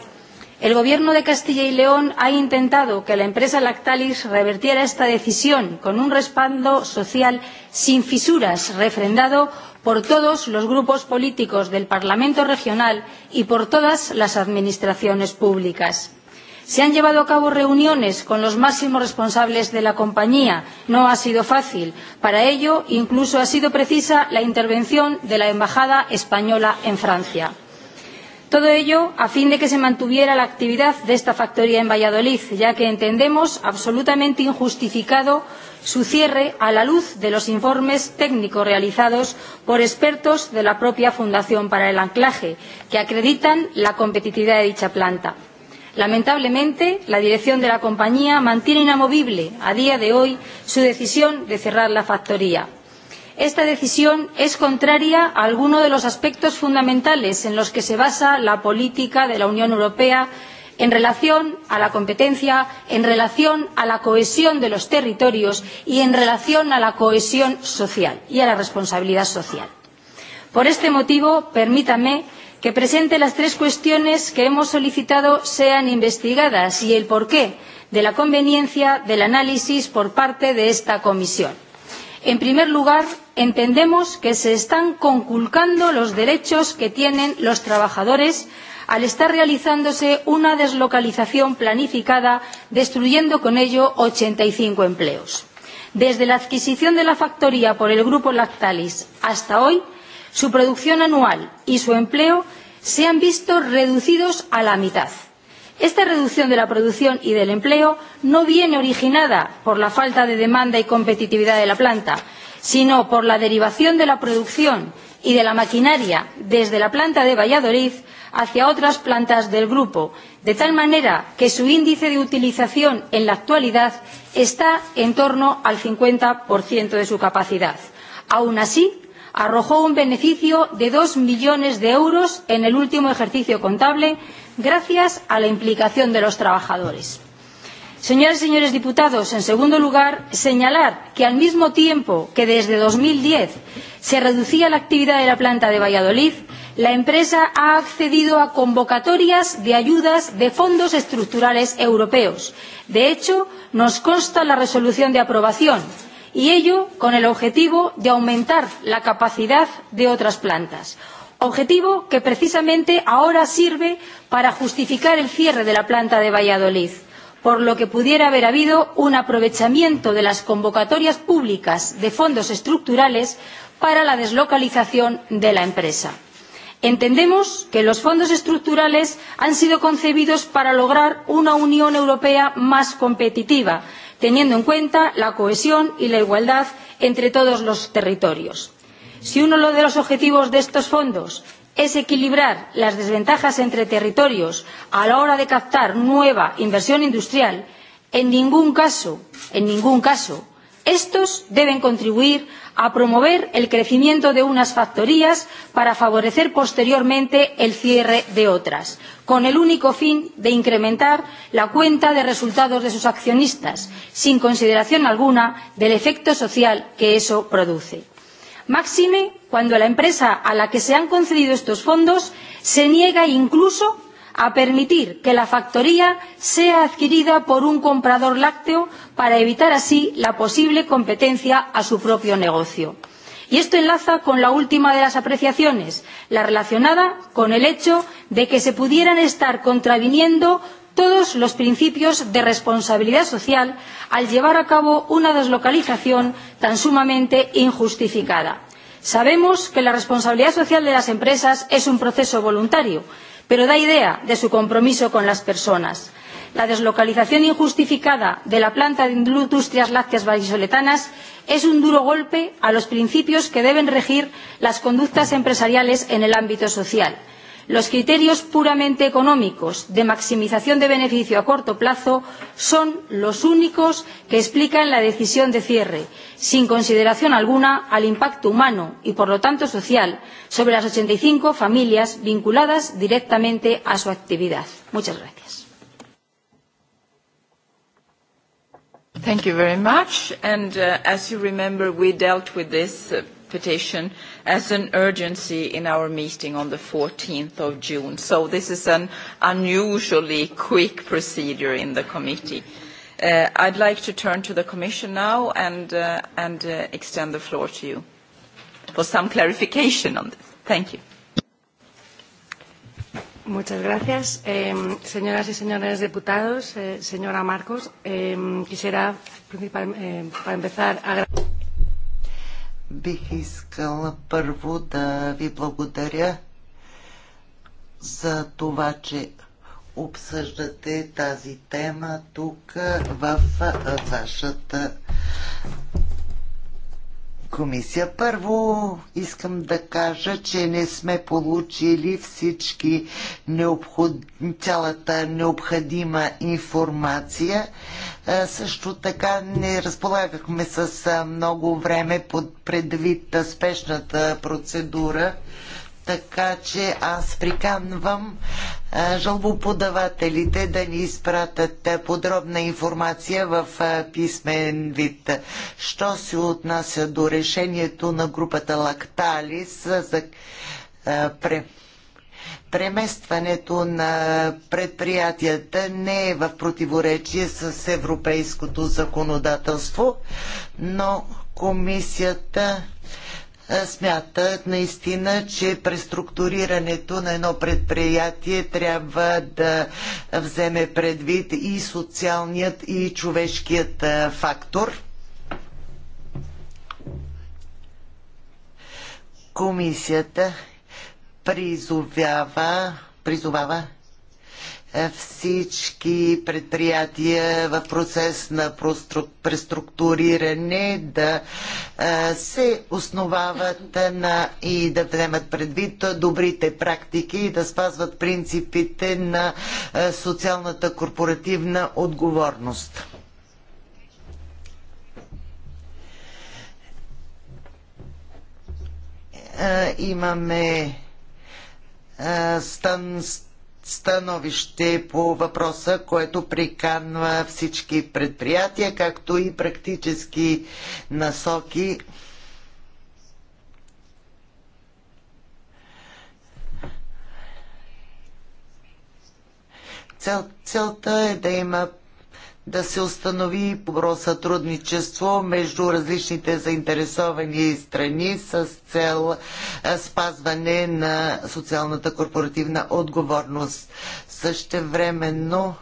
El Gobierno de Castilla y León ha intentado que la empresa Lactalis revertiera esta decisión con un respaldo social sin fisuras, refrendado por todos los grupos políticos del Parlamento regional y por todas las administraciones públicas. Se han llevado a cabo reuniones con los máximos responsables de la compañía. No ha sido fácil. Para ello, incluso ha sido precisa la intervención de la Embajada española en Francia. Todo ello a fin de que se mantuviera la actividad de esta factoría en Valladolid, ya que entendemos absolutamente injustificado su cierre a la luz de los informes técnicos realizados por expertos de la propia Fundación para el Anclaje, que acreditan la competitividad de dicha planta. Lamentablemente, la dirección de la compañía mantiene inamovible, a día de hoy, su decisión de cerrar la factoría. Esta decisión es contraria a alguno de los aspectos fundamentales en los que se basa la política de la Unión Europea en relación a la competencia, en relación a la cohesión de los territorios y en relación a la cohesión social y a la responsabilidad social. Por este motivo, permítanme que presente las tres cuestiones que hemos solicitado sean investigadas y el porqué de la conveniencia del análisis por parte de esta comisión. En primer lugar, entendemos que se están conculcando los derechos que tienen los trabajadores al estar realizándose una deslocalización planificada, destruyendo con ello ochenta y cinco empleos. Desde la adquisición de la factoría por el grupo Lactalis hasta hoy, su producción anual y su empleo se han visto reducidos a la mitad Esta reducción de la producción y del empleo no viene originada por la falta de demanda y competitividad de la planta, sino por la derivación de la producción y de la maquinaria desde la planta de Valladolid hacia otras plantas del grupo, de tal manera que su índice de utilización en la actualidad está en torno al 50% de su capacidad. Aun así, arrojó un beneficio de dos millones de euros en el último ejercicio contable gracias a la implicación de los trabajadores. Señoras y señores diputados, en segundo lugar, señalar que al mismo tiempo que desde dos mil diez se reducía la actividad de la planta de Valladolid, la empresa ha accedido a convocatorias de ayudas de fondos estructurales europeos. De hecho, nos consta la resolución de aprobación y ello con el objetivo de aumentar la capacidad de otras plantas objetivo que precisamente ahora sirve para justificar el cierre de la planta de Valladolid, por lo que pudiera haber habido un aprovechamiento de las convocatorias públicas de fondos estructurales para la deslocalización de la empresa. Entendemos que los fondos estructurales han sido concebidos para lograr una Unión Europea más competitiva, teniendo en cuenta la cohesión y la igualdad entre todos los territorios Si uno de los objetivos de estos fondos es equilibrar las desventajas entre territorios a la hora de captar nueva inversión industrial, en ningún caso, en ningún caso, estos deben contribuir a promover el crecimiento de unas factorías para favorecer posteriormente el cierre de otras, con el único fin de incrementar la cuenta de resultados de sus accionistas, sin consideración alguna del efecto social que eso produce máxime cuando la empresa a la que se han concedido estos fondos se niega incluso a permitir que la factoría sea adquirida por un comprador lácteo para evitar así la posible competencia a su propio negocio. Y esto enlaza con la última de las apreciaciones, la relacionada con el hecho de que se pudieran estar contraviniendo todos los principios de responsabilidad social al llevar a cabo una deslocalización tan sumamente injustificada. Sabemos que la responsabilidad social de las empresas es un proceso voluntario, pero da idea de su compromiso con las personas. La deslocalización injustificada de la planta de industrias lácteas vallisoletanas es un duro golpe a los principios que deben regir las conductas empresariales en el ámbito social Los criterios puramente económicos de maximización de beneficio a corto plazo son los únicos que explican la decisión de cierre, sin consideración alguna al impacto humano y, por lo tanto, social sobre las ochenta y cinco familias vinculadas directamente a su actividad. Muchas gracias. Thank you very much. And uh, as you remember, we dealt with this uh, petition as an urgency in our meeting on the 14th of June. So this is an unusually quick procedure in the committee. Uh, I'd like to turn to the Commission now and, uh, and uh, extend the floor to you for some clarification on this. Thank you. Muchas gracias. Eh, señoras y señores diputados, eh, señora Marcos, eh, quisiera eh, para empezar agradecer бих искала първо да ви благодаря за това, че обсъждате тази тема тук в вашата комисия. Първо искам да кажа, че не сме получили всички необход... цялата необходима информация. Също така не разполагахме с много време под предвид спешната процедура така че аз приканвам е, жалбоподавателите да ни изпратят е, подробна информация в е, писмен вид. Що се отнася до решението на групата Лакталис за преместването на предприятията не е в противоречие с европейското законодателство, но комисията е, смятат наистина, че преструктурирането на едно предприятие трябва да вземе предвид и социалният и човешкият е, фактор. Комисията призовява, призовава всички предприятия в процес на преструктуриране да се основават на и да вземат предвид добрите практики и да спазват принципите на социалната корпоративна отговорност. Имаме стан, становище по въпроса, което приканва всички предприятия, както и практически насоки. Цел, целта е да има да се установи добро сътрудничество между различните заинтересовани страни с цел спазване на социалната корпоративна отговорност. Същевременно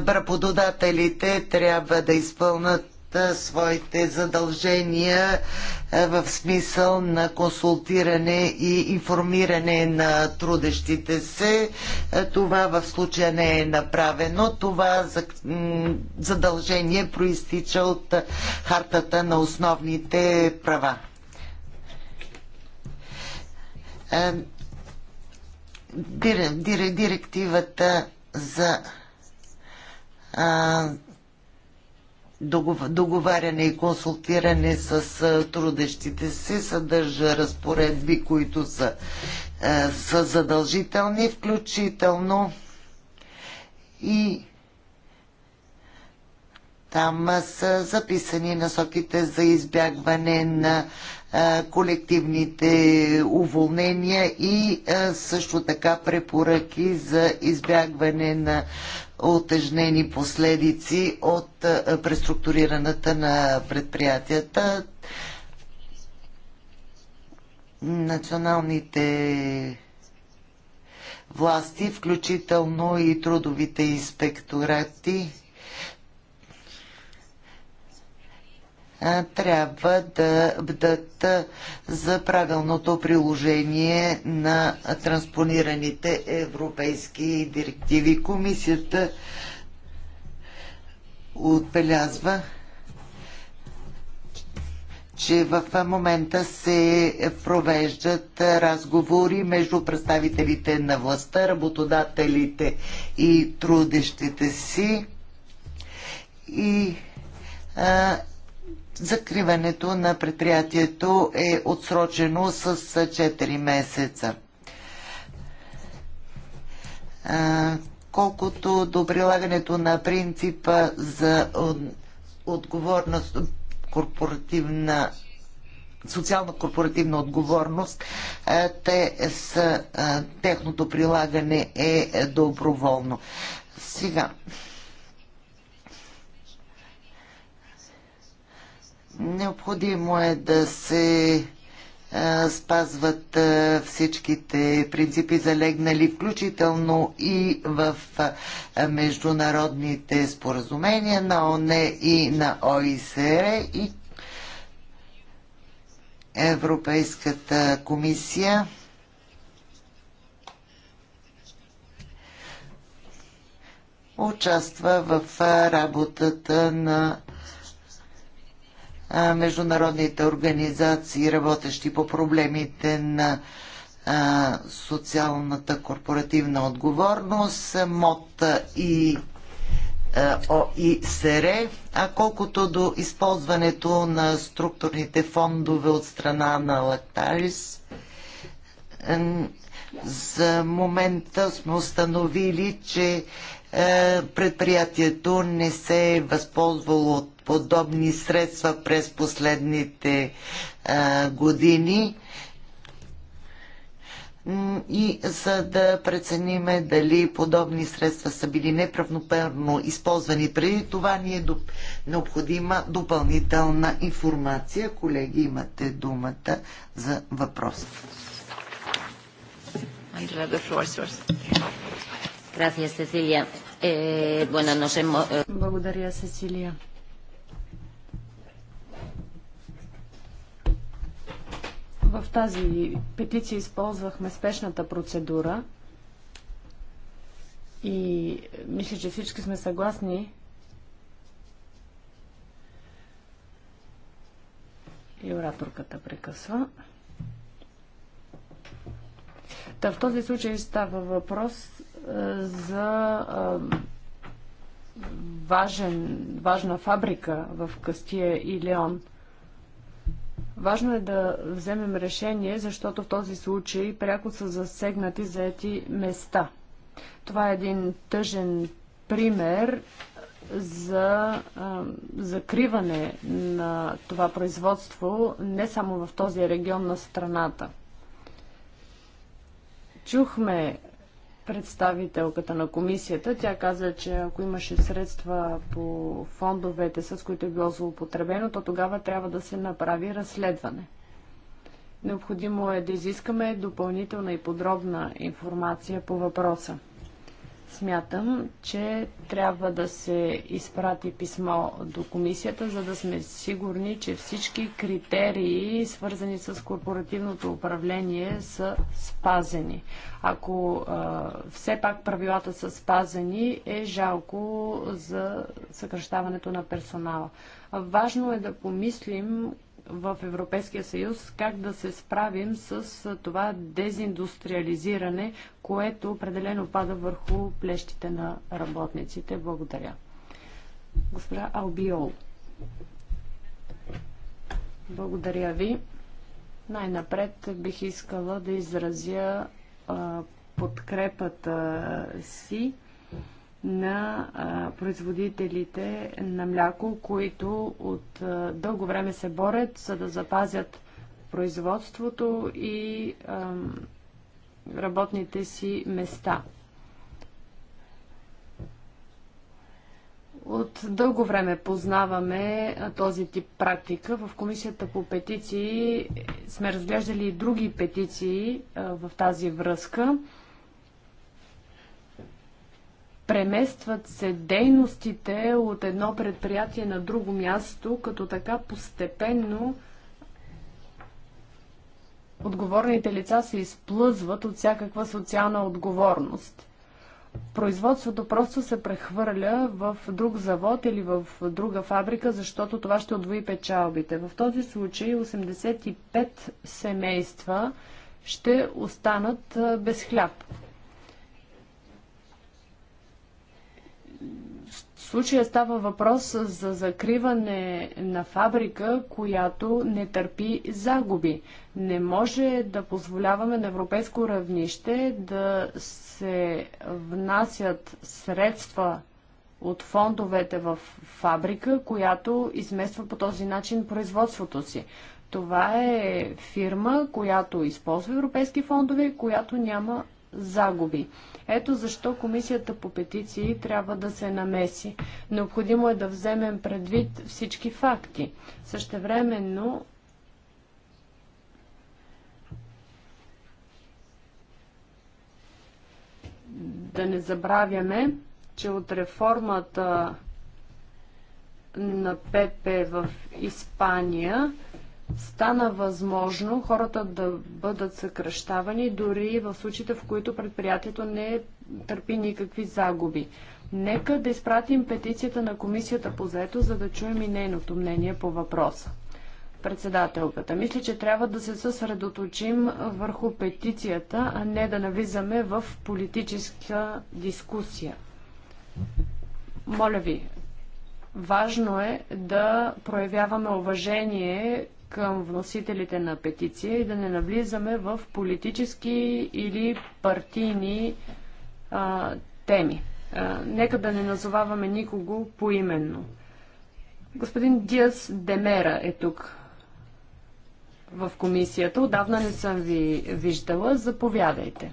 работодателите трябва да изпълнат своите задължения е, в смисъл на консултиране и информиране на трудещите се. Е, това в случая не е направено. Това задължение проистича от хартата на основните права е, директивата за а, договаряне и консултиране с трудещите се съдържа разпоредби, които са, са задължителни, включително и там са записани насоките за избягване на колективните уволнения и също така препоръки за избягване на отежнени последици от преструктурираната на предприятията. Националните власти, включително и трудовите инспекторати, трябва да бъдат за правилното приложение на транспонираните европейски директиви. Комисията отбелязва, че в момента се провеждат разговори между представителите на властта, работодателите и трудещите си и а, закриването на предприятието е отсрочено с 4 месеца. Колкото до прилагането на принципа за отговорност, корпоративна социална-корпоративна отговорност, те с техното прилагане е доброволно. Сега, Необходимо е да се спазват всичките принципи залегнали, включително и в международните споразумения на ОНЕ и на ОИСР и Европейската комисия. участва в работата на международните организации, работещи по проблемите на социалната корпоративна отговорност, МОТ и ОИСР, е. а колкото до използването на структурните фондове от страна на Лактарис, за момента сме установили, че е, предприятието не се е възползвало от подобни средства през последните е, години и за да прецениме дали подобни средства са били неправноперно използвани преди това, ни е необходима допълнителна информация. Колеги, имате думата за въпрос. Gracias, Сесилия. Eh, bueno, nos hemos... Eh, Благодаря, Сесилия. В тази петиция използвахме спешната процедура и мисля, че всички сме съгласни, И ораторката прекъсва. Та в този случай става въпрос за важен, важна фабрика в Кастия и Леон. Важно е да вземем решение, защото в този случай пряко са засегнати заети места. Това е един тъжен пример за а, закриване на това производство не само в този регион на страната. Чухме представителката на комисията. Тя каза, че ако имаше средства по фондовете, с които е било злоупотребено, то тогава трябва да се направи разследване. Необходимо е да изискаме допълнителна и подробна информация по въпроса. Смятам, че трябва да се изпрати писмо до комисията, за да сме сигурни, че всички критерии, свързани с корпоративното управление, са спазени. Ако а, все пак правилата са спазени, е жалко за съкръщаването на персонала. Важно е да помислим в Европейския съюз как да се справим с това дезиндустриализиране, което определено пада върху плещите на работниците. Благодаря. Госпожа Албиол. Благодаря ви. Най-напред бих искала да изразя а, подкрепата си на производителите на мляко, които от дълго време се борят, за да запазят производството и работните си места. От дълго време познаваме този тип практика. В комисията по петиции сме разглеждали и други петиции в тази връзка. Преместват се дейностите от едно предприятие на друго място, като така постепенно отговорните лица се изплъзват от всякаква социална отговорност. Производството просто се прехвърля в друг завод или в друга фабрика, защото това ще отвои печалбите. В този случай 85 семейства ще останат без хляб. случая става въпрос за закриване на фабрика, която не търпи загуби. Не може да позволяваме на европейско равнище да се внасят средства от фондовете в фабрика, която измества по този начин производството си. Това е фирма, която използва европейски фондове, която няма загуби. Ето защо комисията по петиции трябва да се намеси. Необходимо е да вземем предвид всички факти. Същевременно да не забравяме, че от реформата на ПП в Испания стана възможно хората да бъдат съкръщавани, дори в случаите, в които предприятието не търпи никакви загуби. Нека да изпратим петицията на комисията по заето, за да чуем и нейното мнение по въпроса. Председателката. Мисля, че трябва да се съсредоточим върху петицията, а не да навлизаме в политическа дискусия. Моля ви, важно е да проявяваме уважение към вносителите на петиция и да не навлизаме в политически или партийни а, теми. А, нека да не назоваваме никого поименно. Господин Диас Демера е тук в комисията. Отдавна не съм ви виждала. Заповядайте.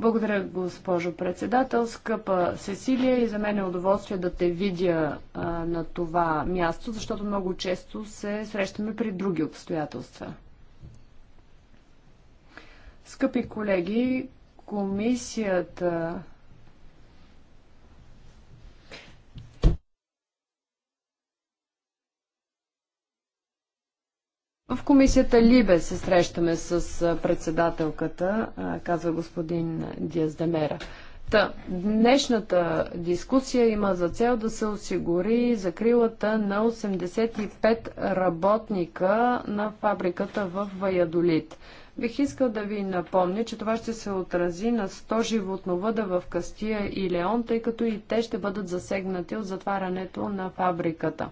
Благодаря, госпожо председател. Скъпа Сесилия, и за мен е удоволствие да те видя а, на това място, защото много често се срещаме при други обстоятелства. Скъпи колеги, комисията комисията Либе се срещаме с председателката, казва господин Диаздемера. Та, днешната дискусия има за цел да се осигури закрилата на 85 работника на фабриката в Ваядолит. Бих искал да ви напомня, че това ще се отрази на 100 животновъда в Кастия и Леон, тъй като и те ще бъдат засегнати от затварянето на фабриката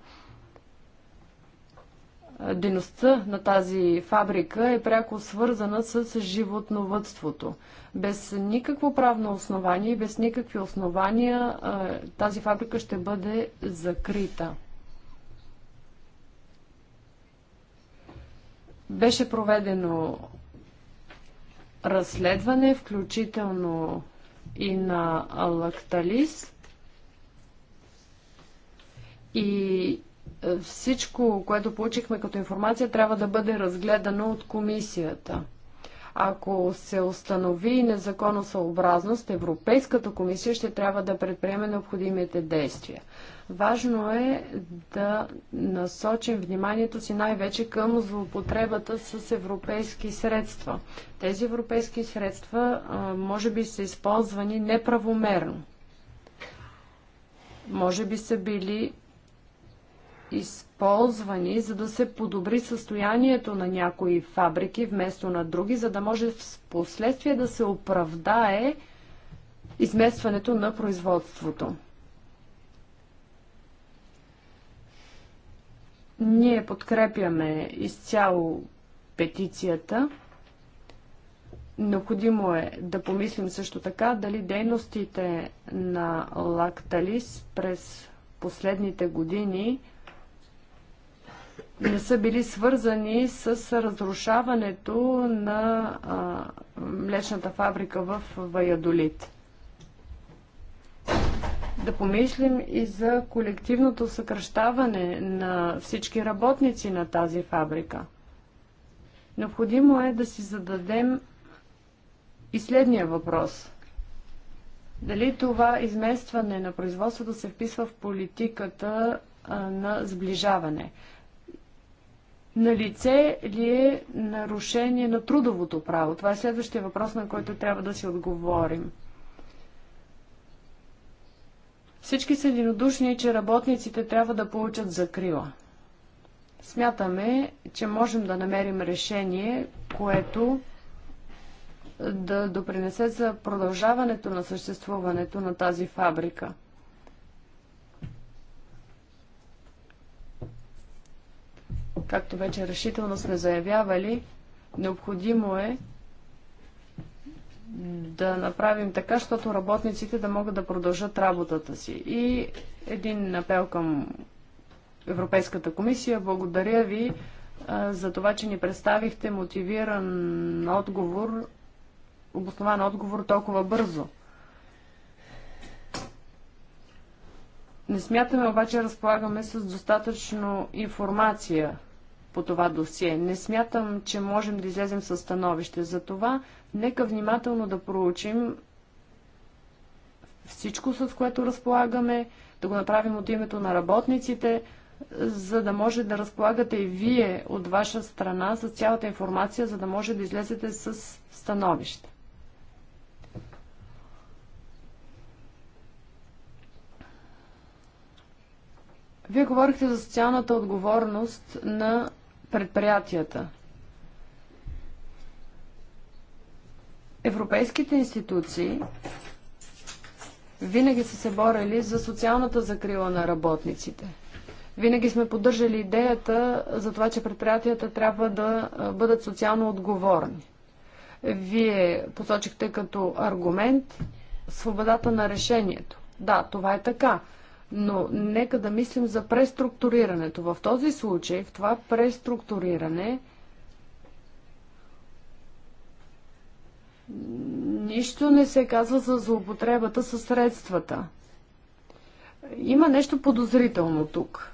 дейността на тази фабрика е пряко свързана с животновътството. Без никакво правно основание и без никакви основания тази фабрика ще бъде закрита. Беше проведено разследване, включително и на Лакталис. И всичко, което получихме като информация, трябва да бъде разгледано от комисията. Ако се установи незаконосъобразност, Европейската комисия ще трябва да предприеме необходимите действия. Важно е да насочим вниманието си най-вече към злоупотребата с европейски средства. Тези европейски средства може би са използвани неправомерно. Може би са били използвани, за да се подобри състоянието на някои фабрики вместо на други, за да може в последствие да се оправдае изместването на производството. Ние подкрепяме изцяло петицията. Необходимо е да помислим също така дали дейностите на Лакталис през последните години – не са били свързани с разрушаването на а, млечната фабрика в Ваядолит. Да помислим и за колективното съкръщаване на всички работници на тази фабрика. Необходимо е да си зададем и следния въпрос. Дали това изместване на производството се вписва в политиката а, на сближаване? на лице ли е нарушение на трудовото право? Това е следващия въпрос, на който трябва да си отговорим. Всички са единодушни, че работниците трябва да получат закрила. Смятаме, че можем да намерим решение, което да допринесе за продължаването на съществуването на тази фабрика. Както вече решително сме заявявали, необходимо е да направим така, защото работниците да могат да продължат работата си. И един апел към Европейската комисия. Благодаря ви а, за това, че ни представихте мотивиран отговор, обоснован отговор толкова бързо. Не смятаме обаче разполагаме с достатъчно информация по това досие. Не смятам, че можем да излезем със становище. За това нека внимателно да проучим всичко, с което разполагаме, да го направим от името на работниците, за да може да разполагате и вие от ваша страна с цялата информация, за да може да излезете с становище. Вие говорихте за социалната отговорност на предприятията. Европейските институции винаги са се борели за социалната закрила на работниците. Винаги сме поддържали идеята за това, че предприятията трябва да бъдат социално отговорни. Вие посочихте като аргумент свободата на решението. Да, това е така но нека да мислим за преструктурирането. В този случай, в това преструктуриране, нищо не се казва за злоупотребата със средствата. Има нещо подозрително тук.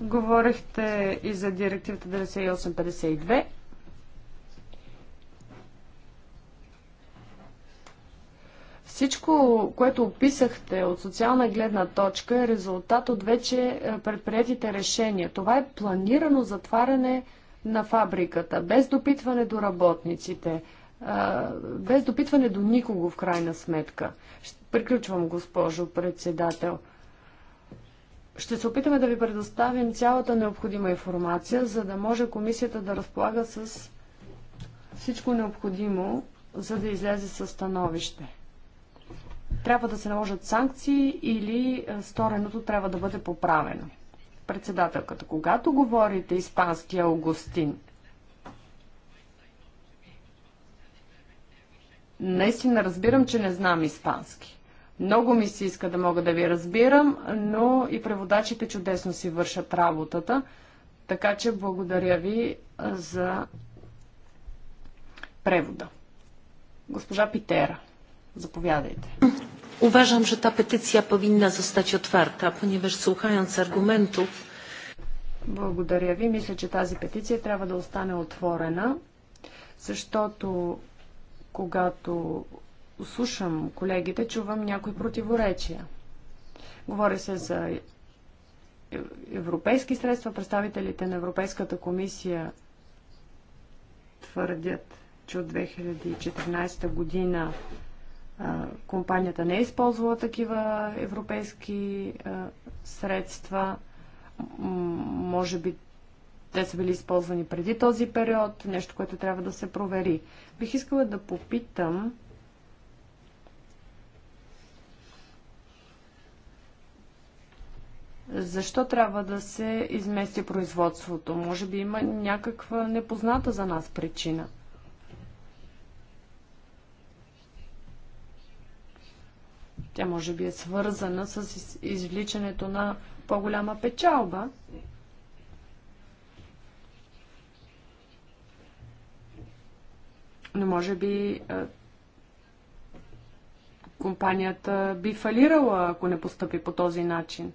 Говорихте и за директивата 9852. Всичко, което описахте от социална гледна точка е резултат от вече е, предприятите решения. Това е планирано затваряне на фабриката, без допитване до работниците, е, без допитване до никого в крайна сметка. Приключвам, госпожо председател. Ще се опитаме да ви предоставим цялата необходима информация, за да може комисията да разполага с всичко необходимо, за да излезе със становище трябва да се наложат санкции или е, стореното трябва да бъде поправено. Председателката, когато говорите испанския Аугустин, наистина разбирам, че не знам испански. Много ми се иска да мога да ви разбирам, но и преводачите чудесно си вършат работата. Така че благодаря ви е, за превода. Госпожа Питера. Заповядайте. Uważam, że ta petycja powinna zostać otwarta, ponieważ słuchając argumentów. Благодаря ви. Мисля, че тази петиция трябва да остане отворена, защото когато слушам колегите, чувам някои противоречия. Говори се за европейски средства. Представителите на Европейската комисия твърдят, че от 2014 година компанията не е използвала такива европейски средства. Може би те са били използвани преди този период, нещо, което трябва да се провери. Бих искала да попитам защо трябва да се измести производството. Може би има някаква непозната за нас причина – Тя може би е свързана с извличането на по-голяма печалба. Но може би е, компанията би фалирала, ако не постъпи по този начин.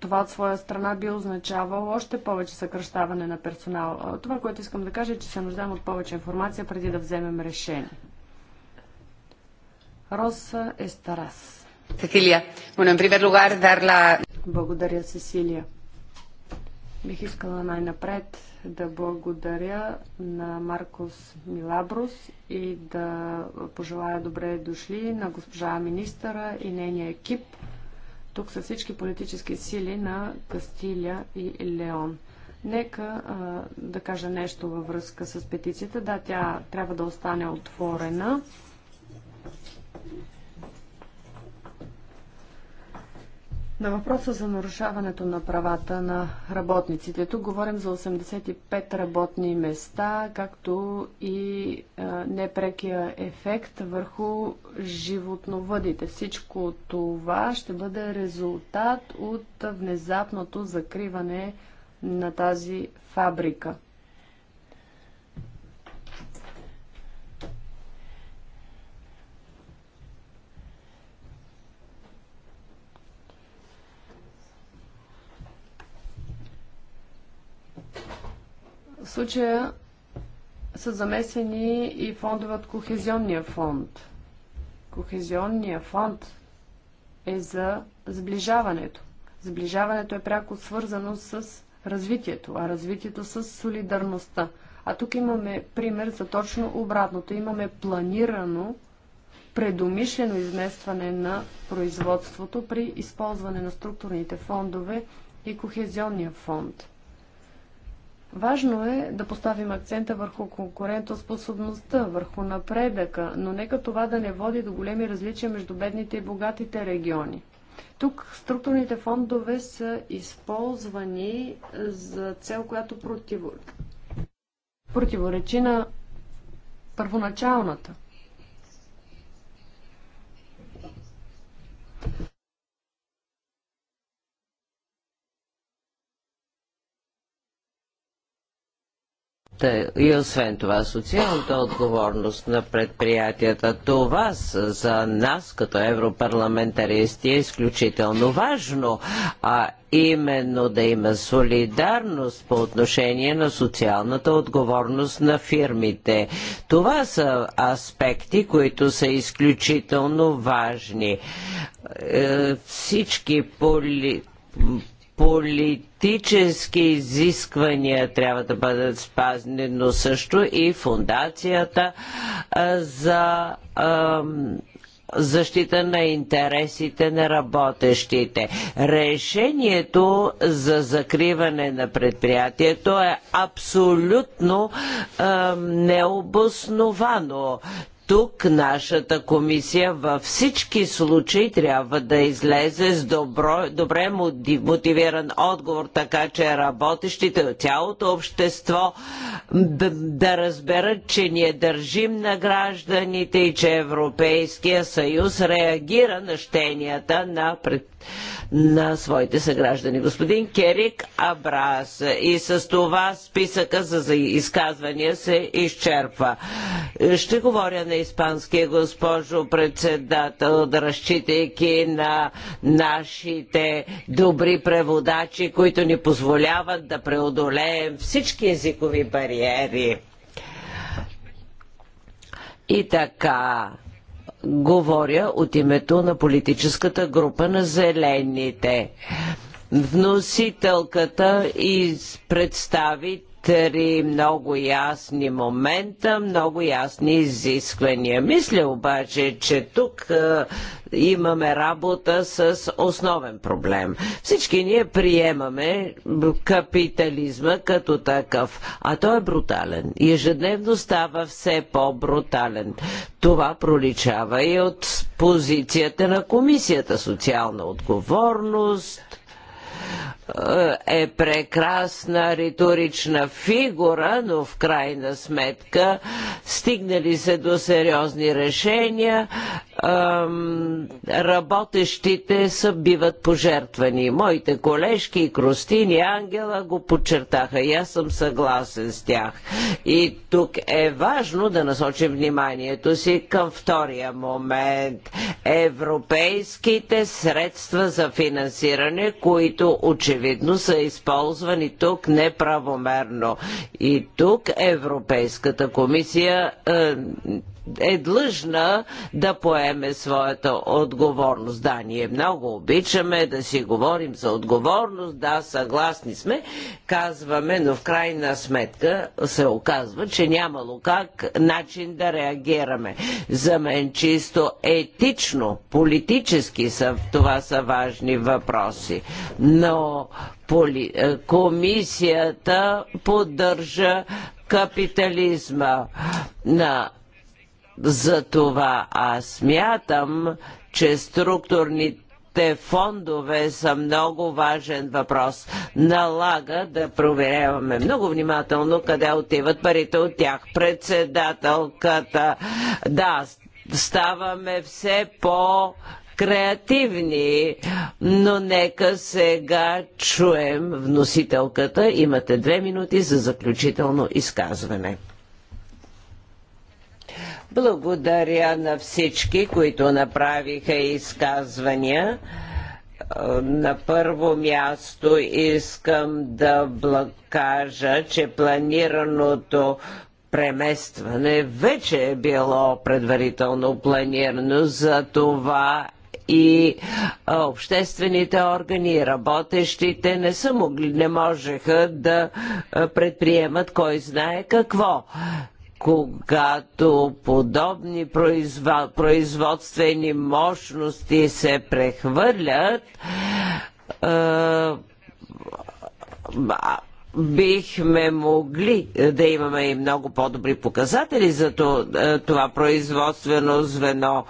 Това от своя страна би означавало още повече съкръщаване на персонал. Е, това, което искам да кажа е, че се нуждаем от повече информация преди да вземем решение. Роса Естарас. Сесилия, bueno, en primer lugar, dar la... Благодаря, Сесилия. Бих искала най-напред да благодаря на Маркос Милабрус и да пожелая добре дошли на госпожа министъра и нейния екип. Тук са всички политически сили на Кастилия и Леон. Нека а, да кажа нещо във връзка с петицията. Да, тя трябва да остане отворена. На въпроса за нарушаването на правата на работниците. Тук говорим за 85 работни места, както и а, непрекия ефект върху животновъдите. Всичко това ще бъде резултат от внезапното закриване на тази фабрика. В случая са замесени и фондове от Кохезионния фонд. Кохезионния фонд е за сближаването. Сближаването е пряко свързано с развитието, а развитието с солидарността. А тук имаме пример за точно обратното. Имаме планирано, предумишлено изместване на производството при използване на структурните фондове и кохезионния фонд – Важно е да поставим акцента върху конкурентоспособността, върху напредъка, но нека това да не води до големи различия между бедните и богатите региони. Тук структурните фондове са използвани за цел, която противоречи на първоначалната. И освен това, социалната отговорност на предприятията, това за нас като европарламентаристи е изключително важно, а именно да има солидарност по отношение на социалната отговорност на фирмите. Това са аспекти, които са изключително важни. Е, всички поли политически изисквания трябва да бъдат спазни, но също и фундацията за защита на интересите на работещите. Решението за закриване на предприятието е абсолютно е, необосновано тук нашата комисия във всички случаи трябва да излезе с добро, добре мотивиран отговор, така че работещите от цялото общество да, да разберат, че ние държим на гражданите и че Европейския съюз реагира на щенията на пред на своите съграждани. Господин Керик Абрас. И с това списъка за изказвания се изчерпва. Ще говоря на испанския госпожо председател, да разчитайки на нашите добри преводачи, които ни позволяват да преодолеем всички езикови бариери. И така, Говоря от името на политическата група на зелените. Вносителката и представи три много ясни момента, много ясни изисквания. Мисля обаче, че тук имаме работа с основен проблем. Всички ние приемаме капитализма като такъв, а той е брутален. Ежедневно става все по-брутален. Това проличава и от позицията на комисията. Социална отговорност, е прекрасна риторична фигура, но в крайна сметка стигнали се до сериозни решения, работещите са биват пожертвани. Моите колежки и Кростини Ангела го подчертаха и аз съм съгласен с тях. И тук е важно да насочим вниманието си към втория момент. Европейските средства за финансиране, които очевидно очевидно са използвани тук неправомерно. И тук Европейската комисия е, е длъжна да поеме своята отговорност. Да, ние много обичаме да си говорим за отговорност, да, съгласни сме, казваме, но в крайна сметка се оказва, че нямало как начин да реагираме. За мен чисто етично, политически са, това са важни въпроси. Но поли, е, комисията поддържа капитализма на затова аз смятам, че структурните те фондове са много важен въпрос. Налага да проверяваме много внимателно къде отиват парите от тях. Председателката, да, ставаме все по креативни, но нека сега чуем вносителката. Имате две минути за заключително изказване. Благодаря на всички, които направиха изказвания. На първо място искам да кажа, че планираното преместване вече е било предварително планирано, за това и обществените органи и работещите не, са могли, не можеха да предприемат кой знае какво когато подобни производствени мощности се прехвърлят, бихме могли да имаме и много по-добри показатели за това, това производствено звено,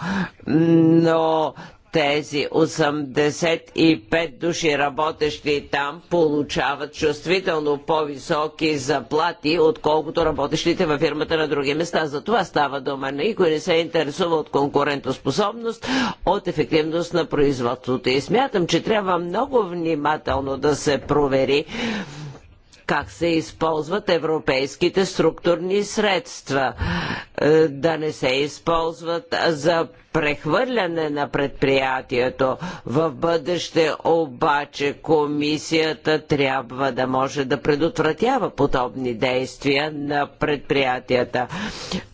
но тези 85 души работещи там получават чувствително по-високи заплати, отколкото работещите във фирмата на други места. За това става дума. Никой не се интересува от конкурентоспособност, от ефективност на производството. И смятам, че трябва много внимателно да се провери как се използват европейските структурни средства, е, да не се използват за прехвърляне на предприятието. В бъдеще обаче комисията трябва да може да предотвратява подобни действия на предприятията.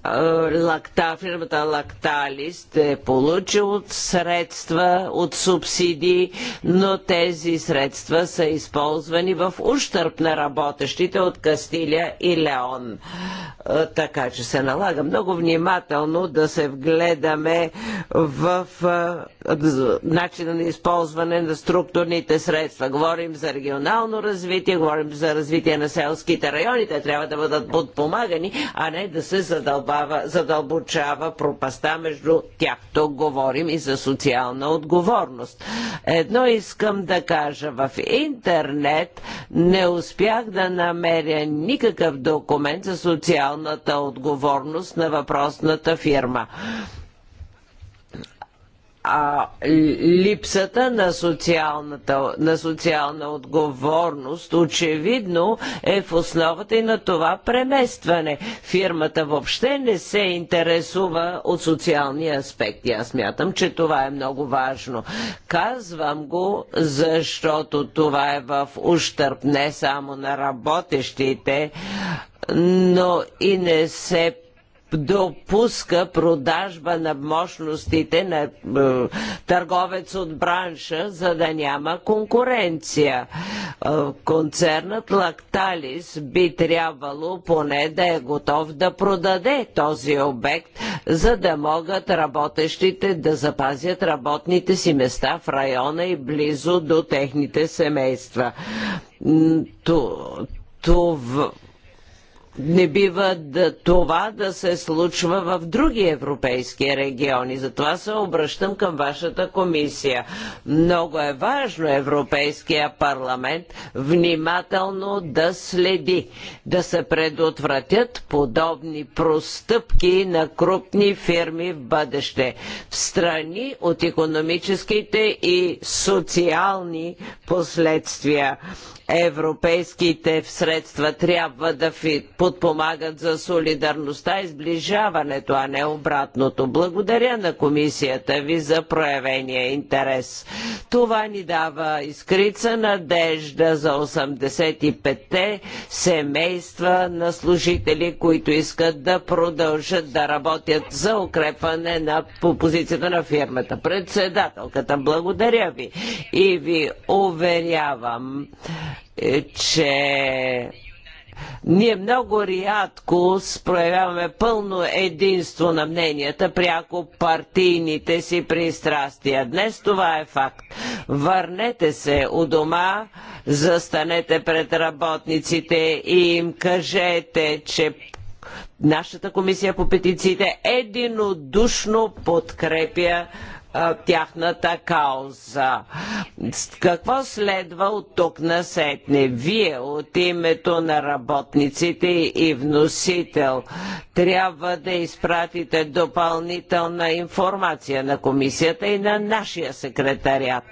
Е, лакта, фирмата Лакталист е получила средства от субсидии, но тези средства са използвани в ущърп на работа работещите от Кастилия и Леон. Е, така че се налага много внимателно да се вгледаме в е, начина на използване на структурните средства. Говорим за регионално развитие, говорим за развитие на селските райони. Те трябва да бъдат подпомагани, а не да се задълбава, задълбочава пропаста между тях. Тук говорим и за социална отговорност. Едно искам да кажа. В интернет не успях да намеря никакъв документ за социалната отговорност на въпросната фирма а, липсата на, социалната, на социална отговорност очевидно е в основата и на това преместване. Фирмата въобще не се интересува от социални аспекти. Аз мятам, че това е много важно. Казвам го, защото това е в ущърп не само на работещите, но и не се допуска продажба на мощностите на е, търговец от бранша, за да няма конкуренция. Е, концернът Лакталис би трябвало поне да е готов да продаде този обект, за да могат работещите да запазят работните си места в района и близо до техните семейства. това не бива да, това да се случва в други европейски региони. Затова се обръщам към вашата комисия. Много е важно Европейския парламент внимателно да следи, да се предотвратят подобни простъпки на крупни фирми в бъдеще. В страни от економическите и социални последствия европейските средства трябва да фит подпомагат за солидарността и сближаването, а не обратното. Благодаря на комисията ви за проявения интерес. Това ни дава изкрица надежда за 85-те семейства на служители, които искат да продължат да работят за укрепване на позицията на фирмата. Председателката, благодаря ви и ви уверявам, е, че ние много рядко проявяваме пълно единство на мненията, пряко партийните си пристрастия. Днес това е факт. Върнете се у дома, застанете пред работниците и им кажете, че нашата комисия по петициите единодушно подкрепя тяхната кауза. Какво следва от тук на сетне? Вие от името на работниците и вносител трябва да изпратите допълнителна информация на комисията и на нашия секретарят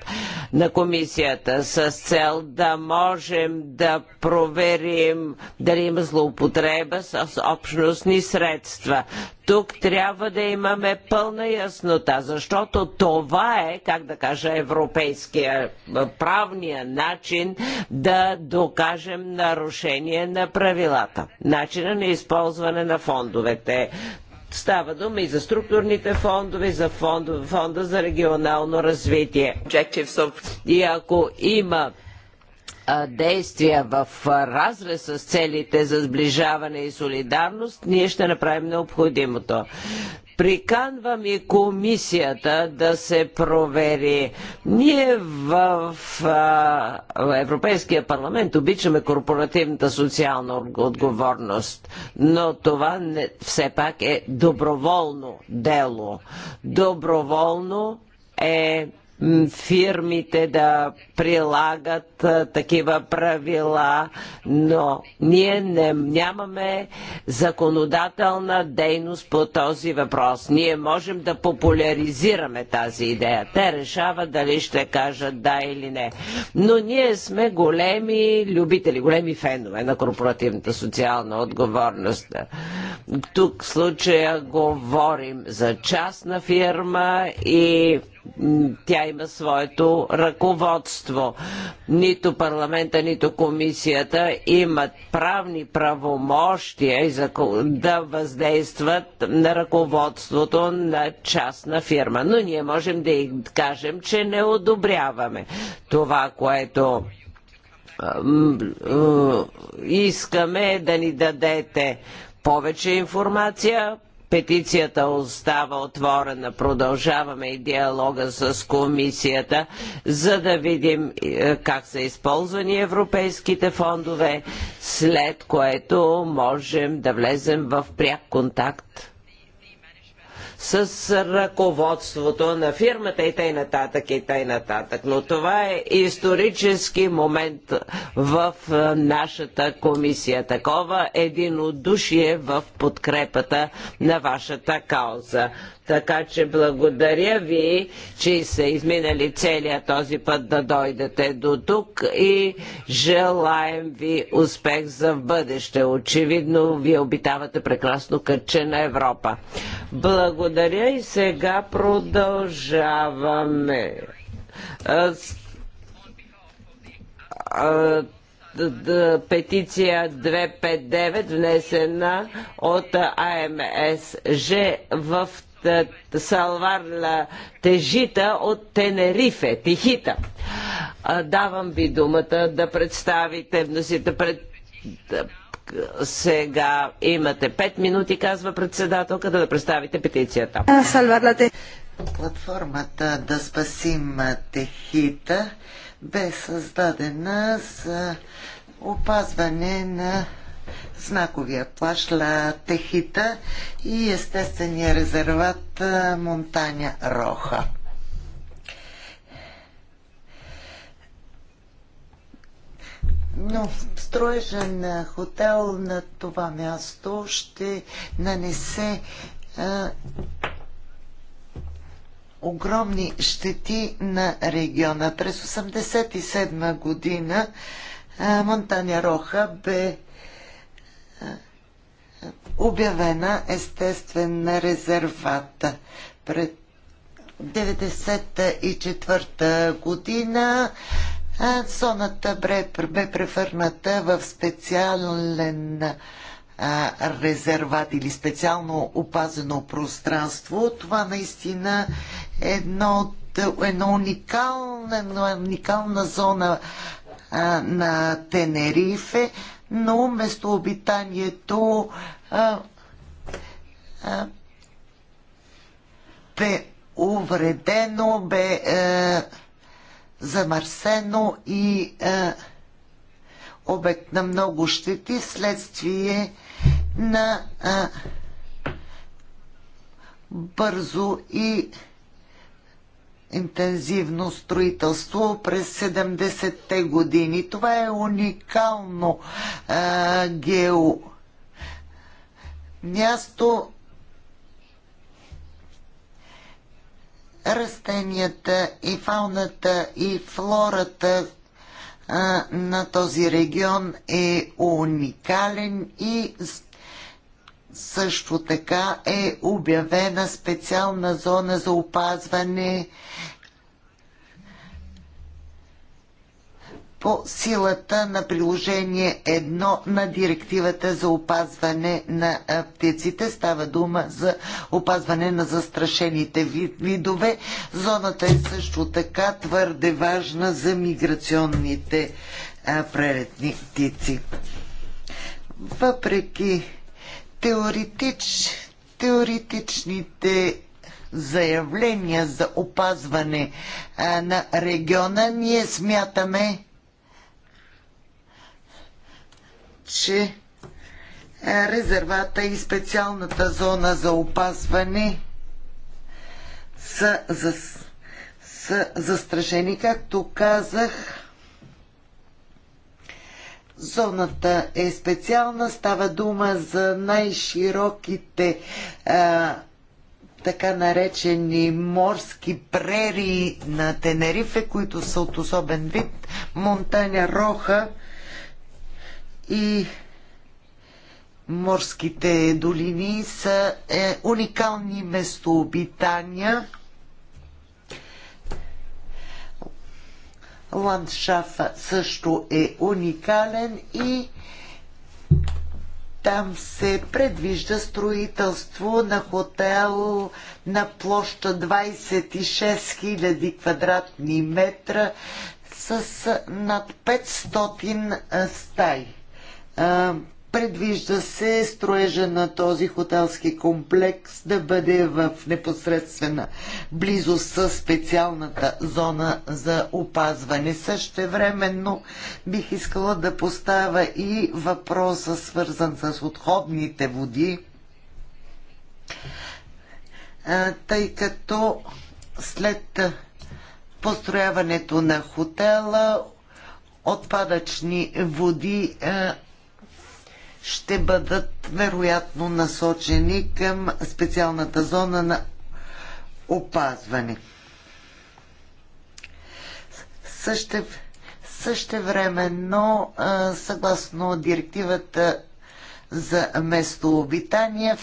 на комисията с цел да можем да проверим дали има злоупотреба с общностни средства тук трябва да имаме пълна яснота, защото това е, как да кажа, европейския правния начин да докажем нарушение на правилата, начина на използване на фондовете. Става дума и за структурните фондове, и за фонд, фонда за регионално развитие. И ако има действия в разрез с целите за сближаване и солидарност, ние ще направим необходимото. Приканвам и комисията да се провери. Ние в, в Европейския парламент обичаме корпоративната социална отговорност, но това не, все пак е доброволно дело. Доброволно е фирмите да прилагат такива правила, но ние не, нямаме законодателна дейност по този въпрос. Ние можем да популяризираме тази идея. Те решават дали ще кажат да или не. Но ние сме големи любители, големи фенове на корпоративната социална отговорност. Тук в случая говорим за частна фирма и тя има своето ръководство. Нито парламента, нито комисията имат правни правомощия да въздействат на ръководството на частна фирма. Но ние можем да им кажем, че не одобряваме това, което искаме да ни дадете повече информация, Петицията остава отворена. Продължаваме и диалога с комисията, за да видим е, как са използвани европейските фондове, след което можем да влезем в пряк контакт с ръководството на фирмата и т.н. нататък и тъй нататък. Но това е исторически момент в нашата комисия. Такова единодушие в подкрепата на вашата кауза. Така че благодаря ви, че са изминали целият този път да дойдете до тук и желаем ви успех за в бъдеще. Очевидно, вие обитавате прекрасно кътче на Европа. Благодаря и сега продължаваме петиция 259, внесена от АМСЖ в е, Салвар Ла Тежита от Тенерифе, Тихита. Давам ви думата да представите вносите пред сега имате 5 минути, казва председателката, да представите петицията. Платформата Да спасим Техита бе създадена за опазване на знаковия плаш Ла Техита и естествения резерват Монтаня Роха. Но строежен хотел на това място ще нанесе а, огромни щети на региона. През 1987 година Монтаня Роха бе обявена естествена резервата Пред 1994 година зоната бе, бе превърната в специален резерват или специално опазено пространство. Това наистина е едно от, една уникална, уникална зона а, на Тенерифе, но местообитанието а, а, бе увредено, бе а, е, замърсено и а, е, обект на много щети следствие на а, е, бързо и интензивно строителство през 70-те години. Това е уникално а, гео място. Растенията и фауната и флората а, на този регион е уникален и също така е обявена специална зона за опазване по силата на приложение 1 на директивата за опазване на птиците. Става дума за опазване на застрашените видове. Зоната е също така твърде важна за миграционните прелетни птици. Въпреки теоретич, теоретичните заявления за опазване а, на региона, ние смятаме, че резервата и специалната зона за опазване са, за, са застрашени, както казах. Зоната е специална, става дума за най-широките така наречени морски прерии на Тенерифе, които са от особен вид, Монтаня Роха и морските долини са е, уникални местообитания ландшафт също е уникален и там се предвижда строителство на хотел на площа 26 000 квадратни метра с над 500 стаи. Предвижда се строежа на този хотелски комплекс да бъде в непосредствена близост с специалната зона за опазване. Същевременно бих искала да поставя и въпроса свързан с отходните води, тъй като след построяването на хотела отпадъчни води ще бъдат вероятно насочени към специалната зона на опазване. Също, но съгласно директивата за местообитание,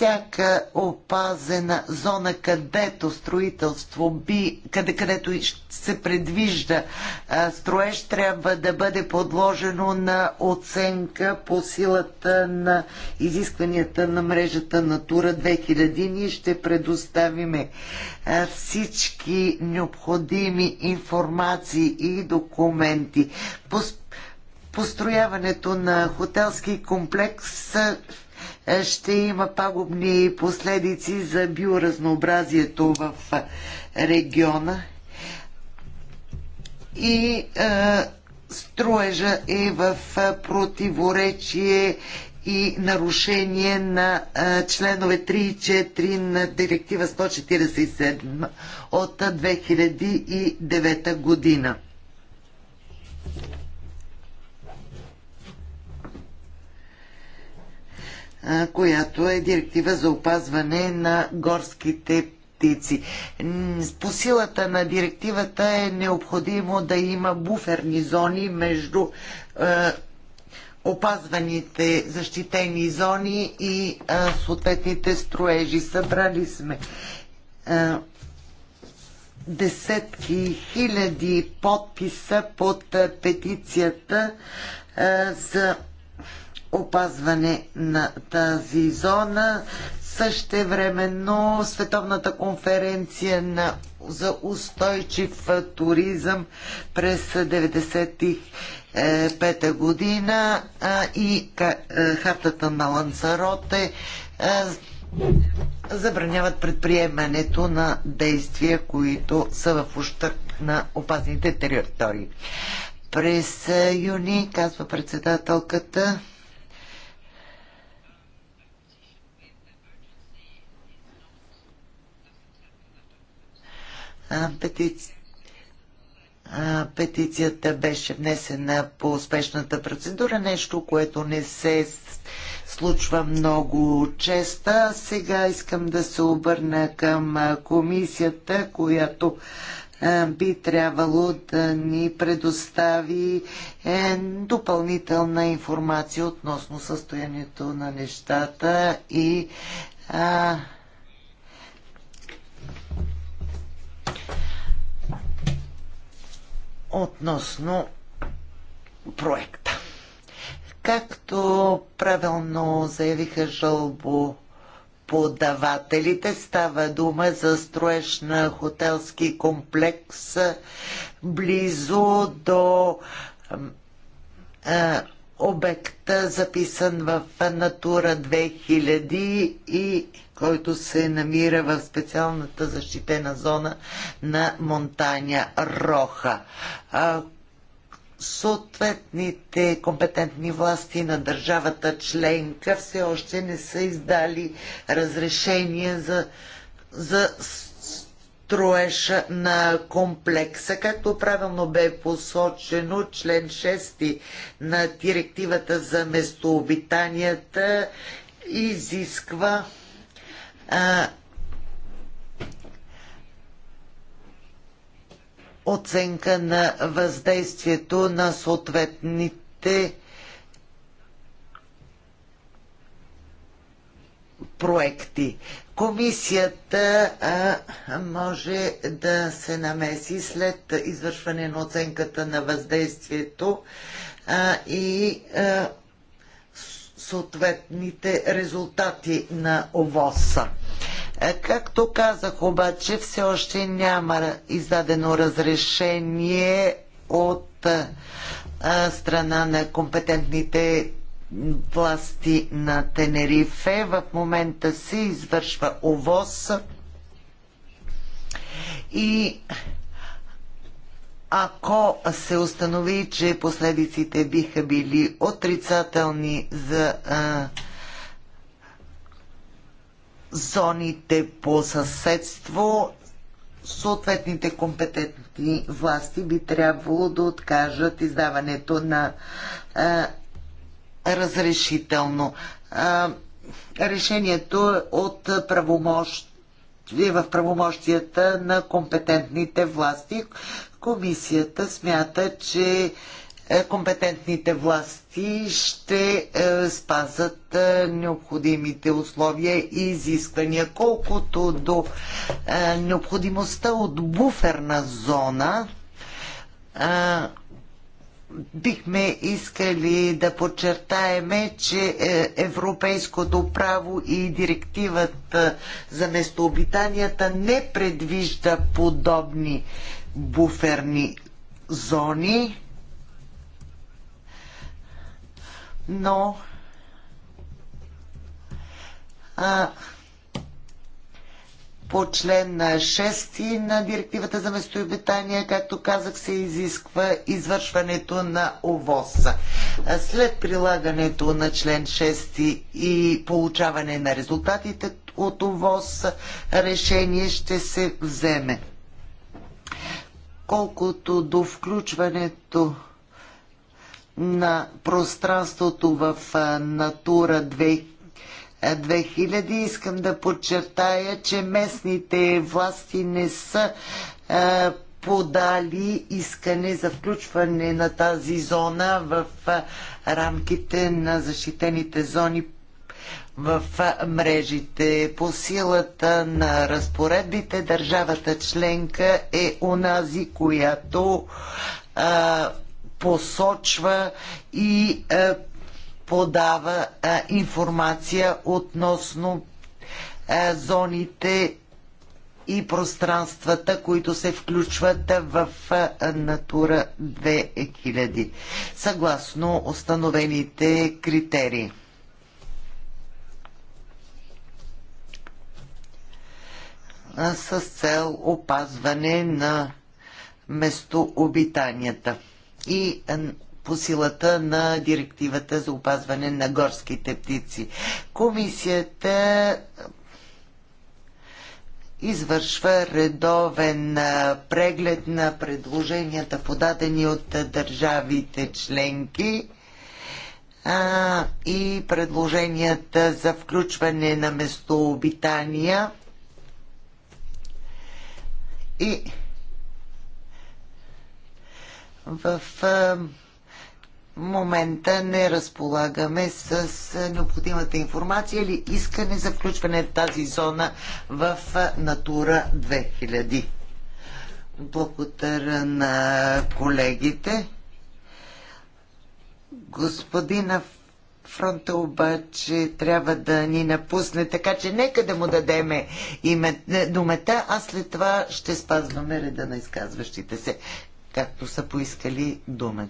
всяка опазена зона, където строителство би, къде, където се предвижда строеж, трябва да бъде подложено на оценка по силата на изискванията на мрежата Натура 2000. Ние ще предоставиме всички необходими информации и документи. Построяването на хотелски комплекс е, ще има пагубни последици за биоразнообразието в региона и а, е, строежа е в противоречие и нарушение на а, е, членове 3 и 4 на директива 147 от 2009 година. която е директива за опазване на горските птици. По силата на директивата е необходимо да има буферни зони между опазваните защитени зони и съответните строежи. Събрали сме десетки хиляди подписа под петицията за опазване на тази зона. Същевременно Световната конференция на, за устойчив туризъм през 1995 година а, и а, хартата на Лансароте а, забраняват предприемането на действия, които са в ущърп на опасните територии. През юни, казва председателката, петици... петицията беше внесена по успешната процедура, нещо, което не се случва много често. Сега искам да се обърна към комисията, която би трябвало да ни предостави е, допълнителна информация относно състоянието на нещата и относно проекта. Както правилно заявиха жълбо подавателите, става дума за строеж на хотелски комплекс близо до обект, записан в Натура 2000 и който се намира в специалната защитена зона на Монтаня Роха. Съответните компетентни власти на държавата членка все още не са издали разрешение за, за строеж на комплекса. Както правилно бе посочено, член 6 на директивата за местообитанията изисква а, оценка на въздействието на съответните проекти. Комисията а, може да се намеси след извършване на оценката на въздействието а, и а, съответните резултати на ОВОСа. Както казах обаче, все още няма издадено разрешение от страна на компетентните власти на Тенерифе. В момента се извършва овоз и ако се установи, че последиците биха били отрицателни за а, зоните по съседство, съответните компетентни власти би трябвало да откажат издаването на а, разрешително. Решението е от правомощ в правомощията на компетентните власти. Комисията смята, че е, компетентните власти ще е, спазат е, необходимите условия и изисквания. Колкото до необходимостта от буферна зона, бихме искали да подчертаеме, че е, европейското право и директивата е, за местообитанията не предвижда подобни буферни зони, но а, по член 6 на директивата за местообитание, както казах, се изисква извършването на ОВОС. След прилагането на член 6 и получаване на резултатите от ОВОС, решение ще се вземе. Колкото до включването на пространството в Натура 2000, 2000. Искам да подчертая, че местните власти не са подали искане за включване на тази зона в рамките на защитените зони в мрежите. По силата на разпоредбите държавата членка е онази, която а, посочва и а, подава а, информация относно а, зоните и пространствата, които се включват в Натура 2000, съгласно установените критерии. с цел опазване на местообитанията и по силата на директивата за опазване на горските птици. Комисията извършва редовен преглед на предложенията подадени от държавите членки а, и предложенията за включване на местообитания и в а, момента не разполагаме с е, необходимата информация или искане за включване в тази зона в е, Натура 2000. Благодаря на колегите. Господина фронта обаче трябва да ни напусне, така че нека да му дадеме е, думата, а след това ще спазваме реда на изказващите се, както са поискали думата.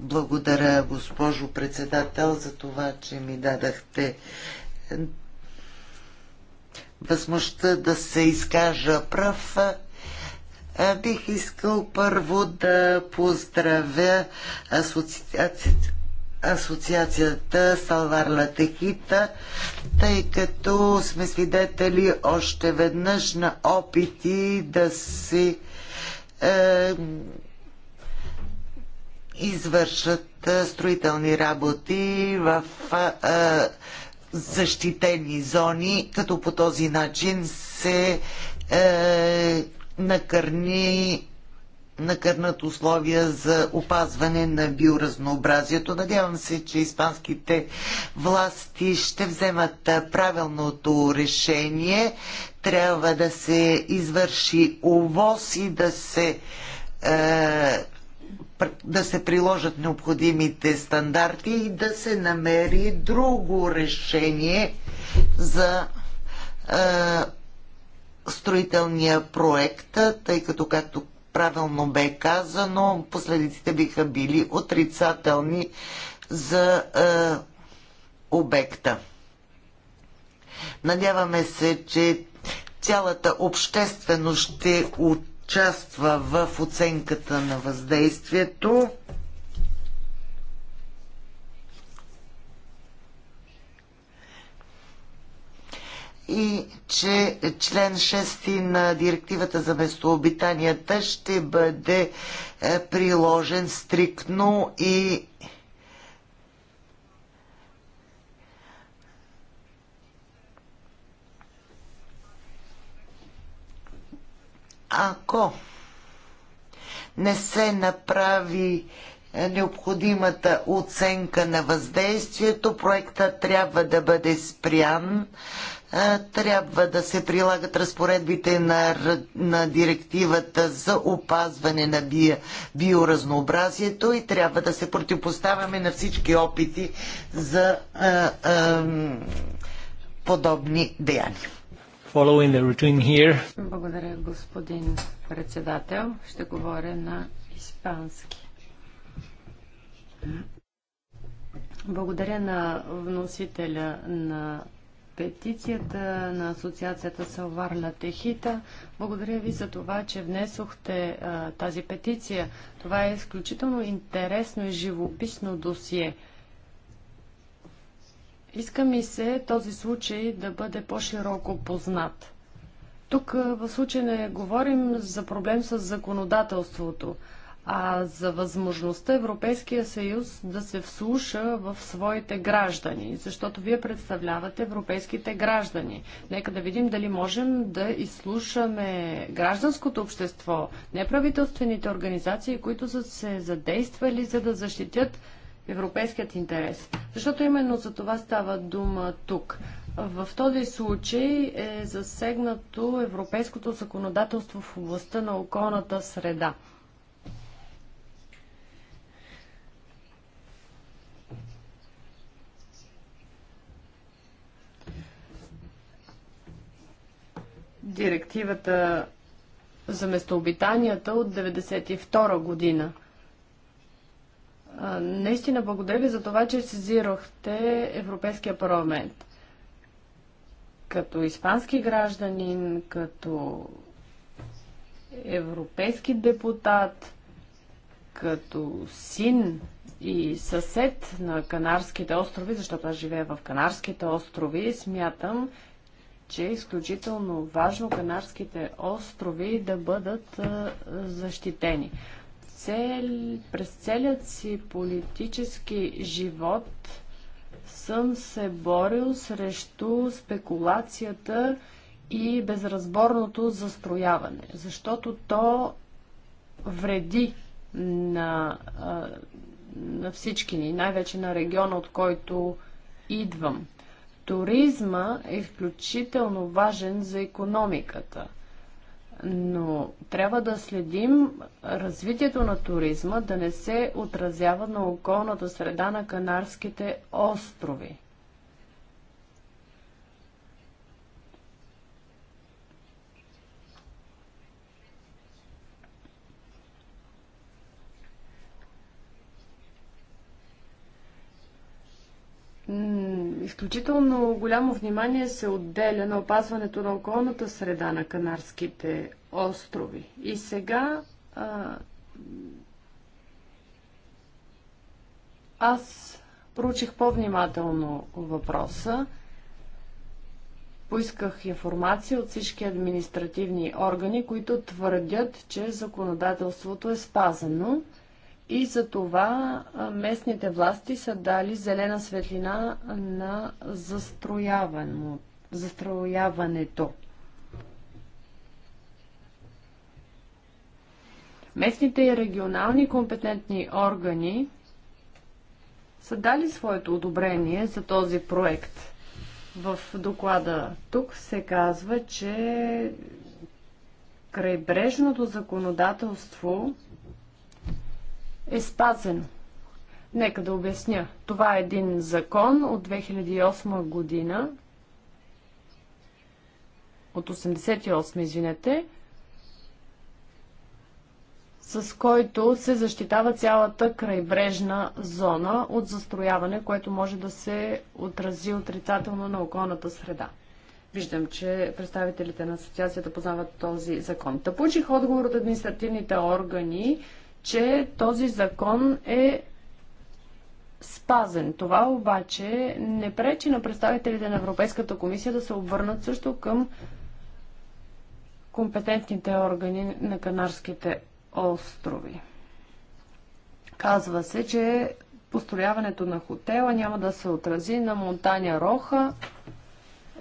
Благодаря, госпожо председател, за това, че ми дадахте е, възможността да се изкажа прав. Е, бих искал първо да поздравя асоциацията асоциацията Салвар Латехита, тъй като сме свидетели още веднъж на опити да се е, извършат строителни работи в защитени зони, като по този начин се е, накърни накърнат условия за опазване на биоразнообразието. Надявам се, че испанските власти ще вземат правилното решение. Трябва да се извърши овоз и да се е, да се приложат необходимите стандарти и да се намери друго решение за е, строителния проект, тъй като, както правилно бе казано, последиците биха били отрицателни за е, обекта. Надяваме се, че цялата общественост ще от участва в оценката на въздействието. и че член 6 на директивата за местообитанията ще бъде е, приложен стриктно и ако не се направи е, необходимата оценка на въздействието. Проекта трябва да бъде спрян. Е, трябва да се прилагат разпоредбите на, на директивата за опазване на био, биоразнообразието и трябва да се противопоставяме на всички опити за а, е, а, подобни деяния following the routine here. Благодаря, господин председател. Ще говоря на испански. Благодаря на вносителя на петицията на Асоциацията Салвар на Техита. Благодаря ви за това, че внесохте а, тази петиция. Това е изключително интересно и живописно досие – иска ми се този случай да бъде по-широко познат. Тук в случай не говорим за проблем с законодателството, а за възможността Европейския съюз да се вслуша в своите граждани, защото вие представлявате европейските граждани. Нека да видим дали можем да изслушаме гражданското общество, неправителствените организации, които са се задействали за да защитят европейският интерес. Защото именно за това става дума тук. В този случай е засегнато европейското законодателство в областта на околната среда. Директивата за местообитанията от 1992 година – Наистина благодаря ви за това, че сезирахте Европейския парламент. Като испански гражданин, като европейски депутат, като син и съсед на Канарските острови, защото аз живея в Канарските острови, смятам, че е изключително важно Канарските острови да бъдат защитени цел, през целият си политически живот съм се борил срещу спекулацията и безразборното застрояване, защото то вреди на, на всички ни, най-вече на региона, от който идвам. Туризма е изключително важен за економиката – но трябва да следим развитието на туризма да не се отразява на околната среда на Канарските острови. Изключително голямо внимание се отделя на опазването на околната среда на Канарските острови. И сега а, аз проучих по-внимателно въпроса. Поисках информация от всички административни органи, които твърдят, че законодателството е спазено. И за това местните власти са дали зелена светлина на застрояването. Местните и регионални компетентни органи са дали своето одобрение за този проект. В доклада тук се казва, че крайбрежното законодателство е спазен. Нека да обясня. Това е един закон от 2008 година, от 88, извинете, с който се защитава цялата крайбрежна зона от застрояване, което може да се отрази отрицателно на околната среда. Виждам, че представителите на асоциацията познават този закон. Та получих отговор от административните органи, че този закон е спазен. Това обаче не пречи на представителите на Европейската комисия да се обърнат също към компетентните органи на Канарските острови. Казва се, че построяването на хотела няма да се отрази на Монтаня Роха,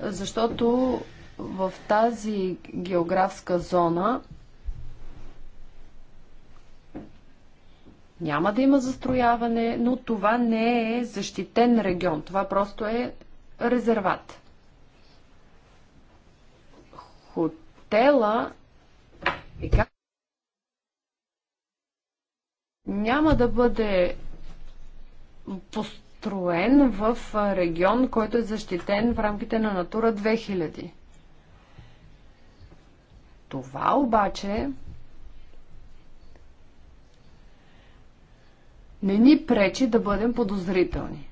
защото в тази географска зона няма да има застрояване, но това не е защитен регион. Това просто е резерват. Хотела е как... няма да бъде построен в регион, който е защитен в рамките на Натура 2000. Това обаче не ни пречи да бъдем подозрителни.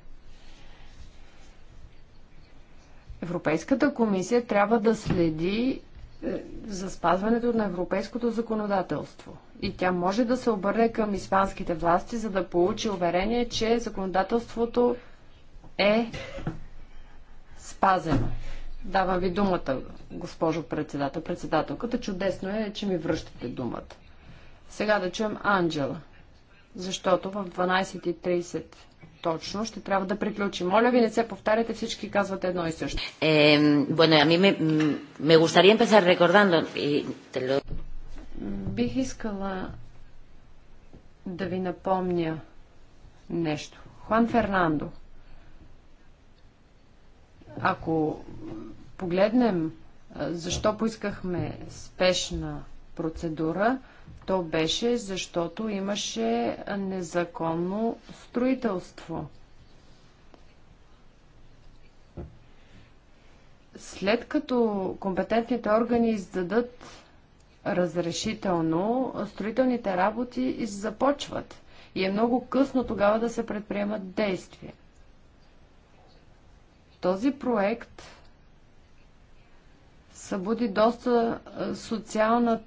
Европейската комисия трябва да следи е, за спазването на европейското законодателство. И тя може да се обърне към испанските власти, за да получи уверение, че законодателството е спазено. Давам ви думата, госпожо председател. Председателката, чудесно е, че ми връщате думата. Сега да чуем Анджела защото в 12.30 точно ще трябва да приключим. Моля ви, не се повтаряте, всички казвате едно и също. Е, bueno, a mí me, me gustaría empezar recordando, y te lo... Бих искала да ви напомня нещо. Хуан Фернандо, ако погледнем защо поискахме спешна процедура, то беше защото имаше незаконно строителство. След като компетентните органи издадат разрешително, строителните работи започват и е много късно тогава да се предприемат действия. Този проект събуди доста социална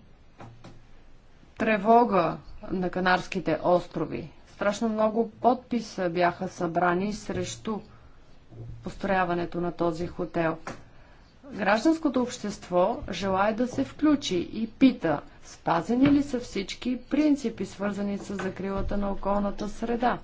тревога на Канарските острови. Страшно много подписа бяха събрани срещу построяването на този хотел. Гражданското общество желая да се включи и пита, спазени ли са всички принципи, свързани с закрилата на околната среда.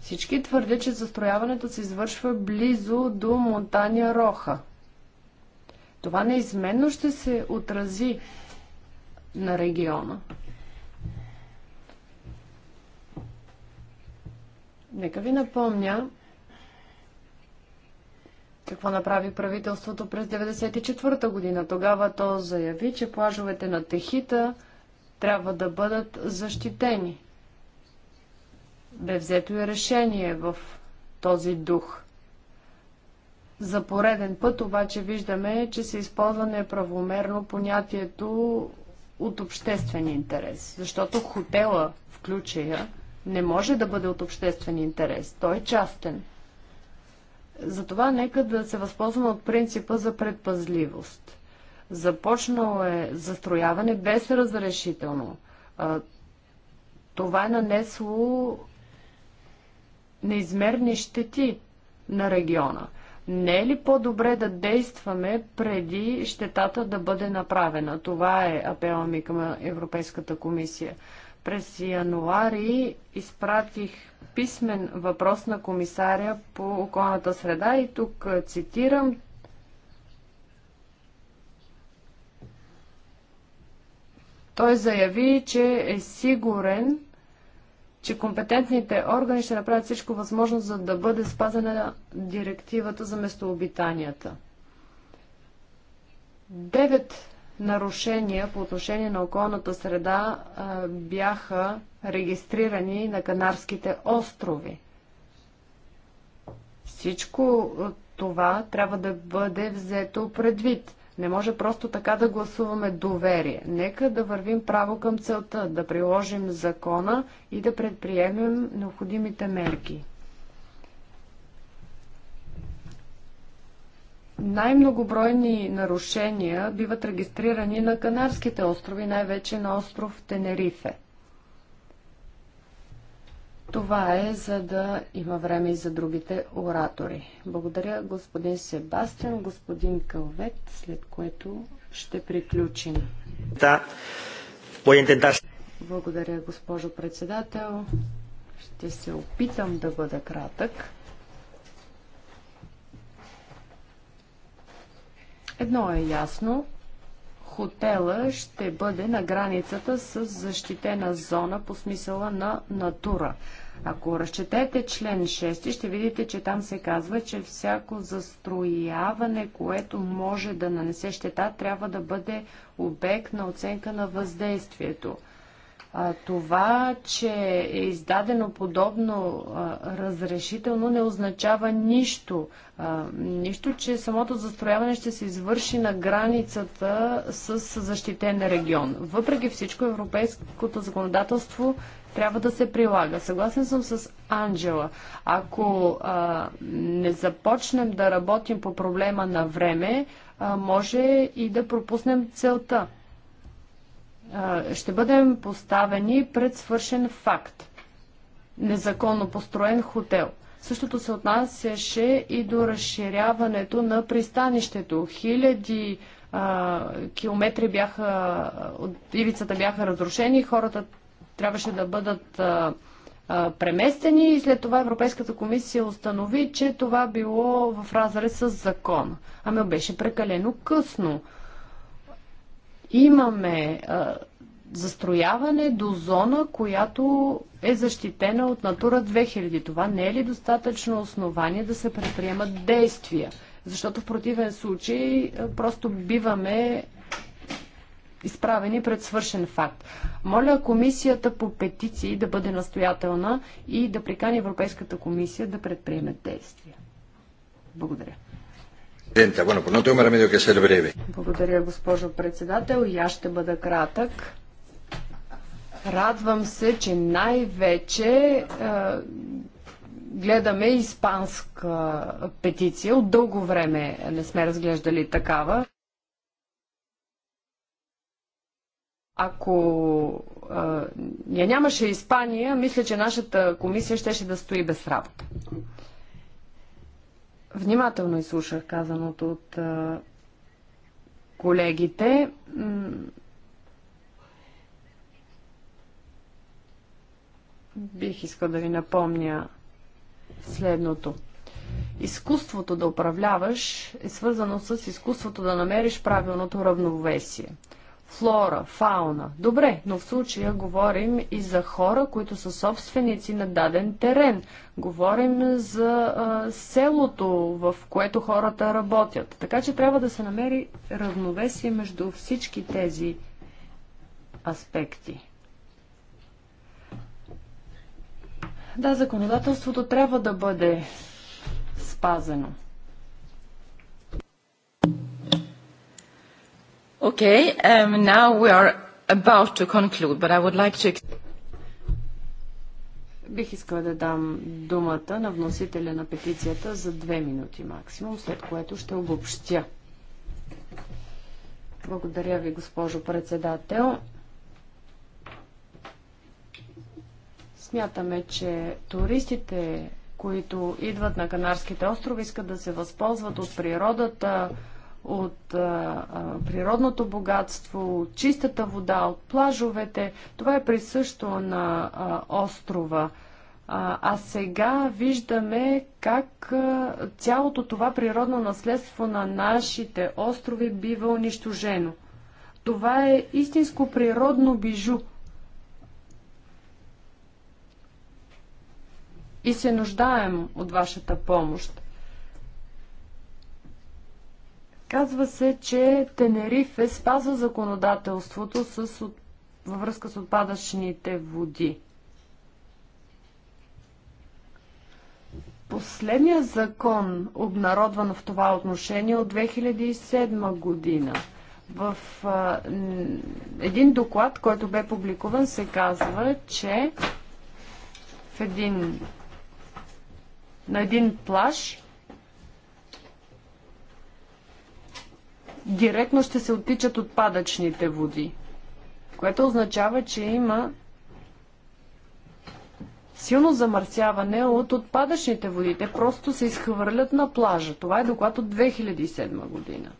Всички твърдят, че застрояването се извършва близо до Монтания Роха – това неизменно ще се отрази на региона. Нека ви напомня какво направи правителството през 1994 година. Тогава то заяви, че плажовете на Техита трябва да бъдат защитени. Бе взето и решение в този дух – за пореден път обаче виждаме, че се използва неправомерно понятието от обществен интерес, защото хотела в ключая не може да бъде от обществен интерес. Той е частен. Затова нека да се възползваме от принципа за предпазливост. Започнало е застрояване без разрешително. Това е нанесло неизмерни щети на региона. Не е ли по-добре да действаме преди щетата да бъде направена? Това е апела ми към Европейската комисия. През януари изпратих писмен въпрос на комисаря по околната среда и тук цитирам. Той заяви, че е сигурен, че компетентните органи ще направят всичко възможно, за да бъде спазена директивата за местообитанията. Девет нарушения по отношение на околната среда а, бяха регистрирани на Канарските острови. Всичко това трябва да бъде взето предвид. Не може просто така да гласуваме доверие. Нека да вървим право към целта, да приложим закона и да предприемем необходимите мерки. Най-многобройни нарушения биват регистрирани на Канарските острови, най-вече на остров Тенерифе. Това е за да има време и за другите оратори. Благодаря господин Себастиан, господин Калвет, след което ще приключим. Да. Благодаря, госпожо председател. Ще се опитам да бъда кратък. Едно е ясно. Хотела ще бъде на границата с защитена зона по смисъла на Натура. Ако разчетете член 6, ще видите, че там се казва, че всяко застрояване, което може да нанесе щета, трябва да бъде обект на оценка на въздействието. А, това, че е издадено подобно а, разрешително, не означава нищо. А, нищо, че самото застрояване ще се извърши на границата с защитен регион. Въпреки всичко, европейското законодателство трябва да се прилага. Съгласен съм с Анджела. Ако а, не започнем да работим по проблема на време, а, може и да пропуснем целта. А, ще бъдем поставени пред свършен факт. Незаконно построен хотел. Същото се отнасяше и до разширяването на пристанището. Хиляди а, километри бяха, от ивицата бяха разрушени, хората трябваше да бъдат а, а, преместени и след това Европейската комисия установи, че това било в разрез с закон. Ами беше прекалено късно. Имаме а, застрояване до зона, която е защитена от Натура 2000. Това не е ли достатъчно основание да се предприемат действия? Защото в противен случай просто биваме изправени пред свършен факт. Моля комисията по петиции да бъде настоятелна и да прикани Европейската комисия да предприеме действия. Благодаря. Благодаря, госпожо председател. И аз ще бъда кратък. Радвам се, че най-вече е, гледаме испанска петиция. От дълго време не сме разглеждали такава. Ако а, я нямаше Испания, мисля, че нашата комисия щеше да стои без работа. Внимателно изслушах казаното от а, колегите. бих искал да ви напомня следното. Изкуството да управляваш е свързано с изкуството да намериш правилното равновесие флора, фауна. Добре, но в случая говорим и за хора, които са собственици на даден терен. Говорим за а, селото, в което хората работят. Така че трябва да се намери равновесие между всички тези аспекти. Да, законодателството трябва да бъде спазено. Okay, um, now we are about to conclude, but I would like to... Бих искала да дам думата на вносителя на петицията за две минути максимум, след което ще обобщя. Благодаря ви, госпожо председател. Смятаме, че туристите, които идват на Канарските острови, искат да се възползват от природата, от а, а, природното богатство, от чистата вода, от плажовете. Това е присъщо на а, острова. А, а сега виждаме как а, цялото това природно наследство на нашите острови бива унищожено. Това е истинско природно бижу. И се нуждаем от вашата помощ. Казва се, че Тенериф е спазва законодателството с, във връзка с отпадъчните води. Последният закон, обнародван в това отношение от 2007 година, в а, един доклад, който бе публикуван, се казва, че в един, на един плаж директно ще се оттичат отпадъчните води, което означава, че има силно замърсяване от отпадъчните води. Те просто се изхвърлят на плажа. Това е доклад от 2007 година.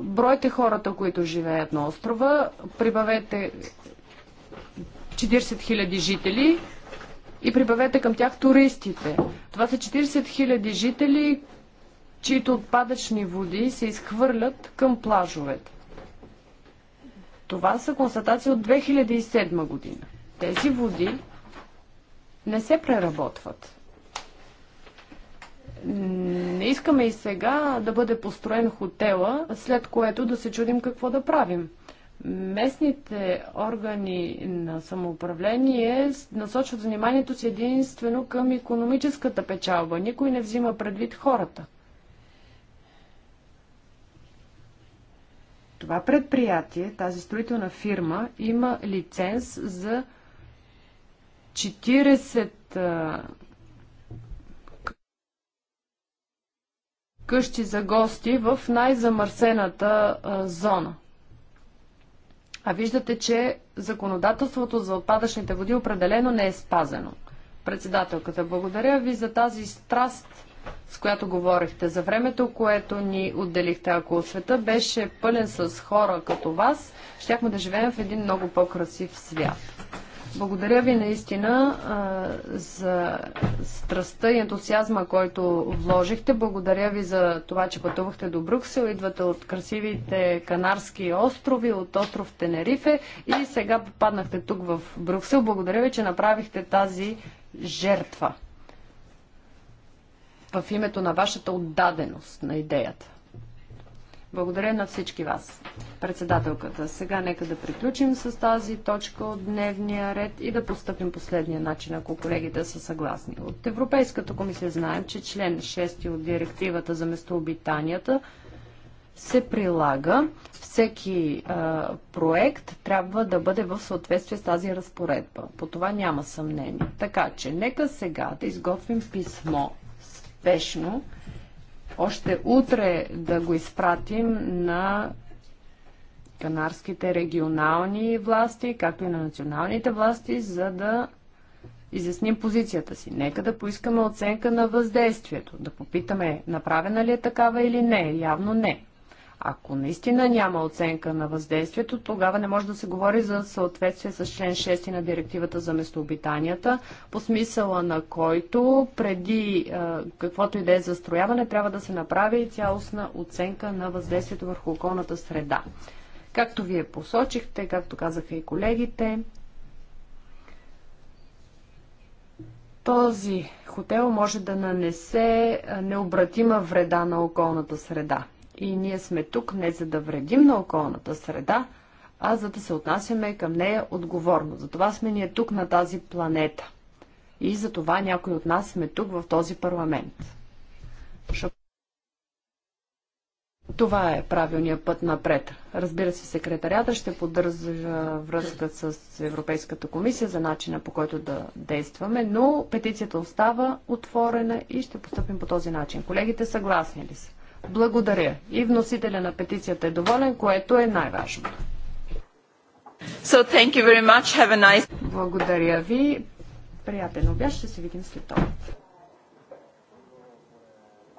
Бройте хората, които живеят на острова, прибавете 40 000 жители и прибавете към тях туристите. Това са 40 000 жители, чието отпадъчни води се изхвърлят към плажовете. Това са констатации от 2007 година. Тези води не се преработват. Не искаме и сега да бъде построен хотела, след което да се чудим какво да правим. Местните органи на самоуправление насочват вниманието си единствено към економическата печалба. Никой не взима предвид хората – Това предприятие, тази строителна фирма, има лиценз за 40 къщи за гости в най-замърсената зона. А виждате, че законодателството за отпадъчните води определено не е спазено. Председателката, благодаря ви за тази страст с която говорихте, за времето, което ни отделихте. Ако света беше пълен с хора като вас, щяхме да живеем в един много по-красив свят. Благодаря ви наистина а, за страстта и ентусиазма, който вложихте. Благодаря ви за това, че пътувахте до Брюксел. Идвате от красивите Канарски острови, от остров Тенерифе и сега попаднахте тук в Брюксел. Благодаря ви, че направихте тази жертва в името на вашата отдаденост на идеята. Благодаря на всички вас. Председателката, сега нека да приключим с тази точка от дневния ред и да поступим последния начин, ако колегите са съгласни. От Европейската комисия знаем, че член 6 от директивата за местообитанията се прилага. Всеки а, проект трябва да бъде в съответствие с тази разпоредба. По това няма съмнение. Така че, нека сега да изготвим писмо спешно. Още утре да го изпратим на канарските регионални власти, както и на националните власти, за да изясним позицията си. Нека да поискаме оценка на въздействието, да попитаме направена ли е такава или не. Явно не. Ако наистина няма оценка на въздействието, тогава не може да се говори за съответствие с член 6 на директивата за местообитанията, по смисъла на който преди е, каквото и да е застрояване трябва да се направи и цялостна оценка на въздействието върху околната среда. Както вие посочихте, както казаха и колегите, този хотел може да нанесе е, необратима вреда на околната среда. И ние сме тук не за да вредим на околната среда, а за да се отнасяме към нея отговорно. Затова сме ние тук на тази планета. И за това някои от нас сме тук в този парламент. Това е правилният път напред. Разбира се, секретарята ще поддържа връзка с Европейската комисия за начина по който да действаме, но петицията остава отворена и ще поступим по този начин. Колегите съгласни ли са? Благодаря. И вносителя на петицията е доволен, което е най-важното. So, thank you very much. Have a nice... Благодаря ви. Приятен обяд. Ще се видим след това.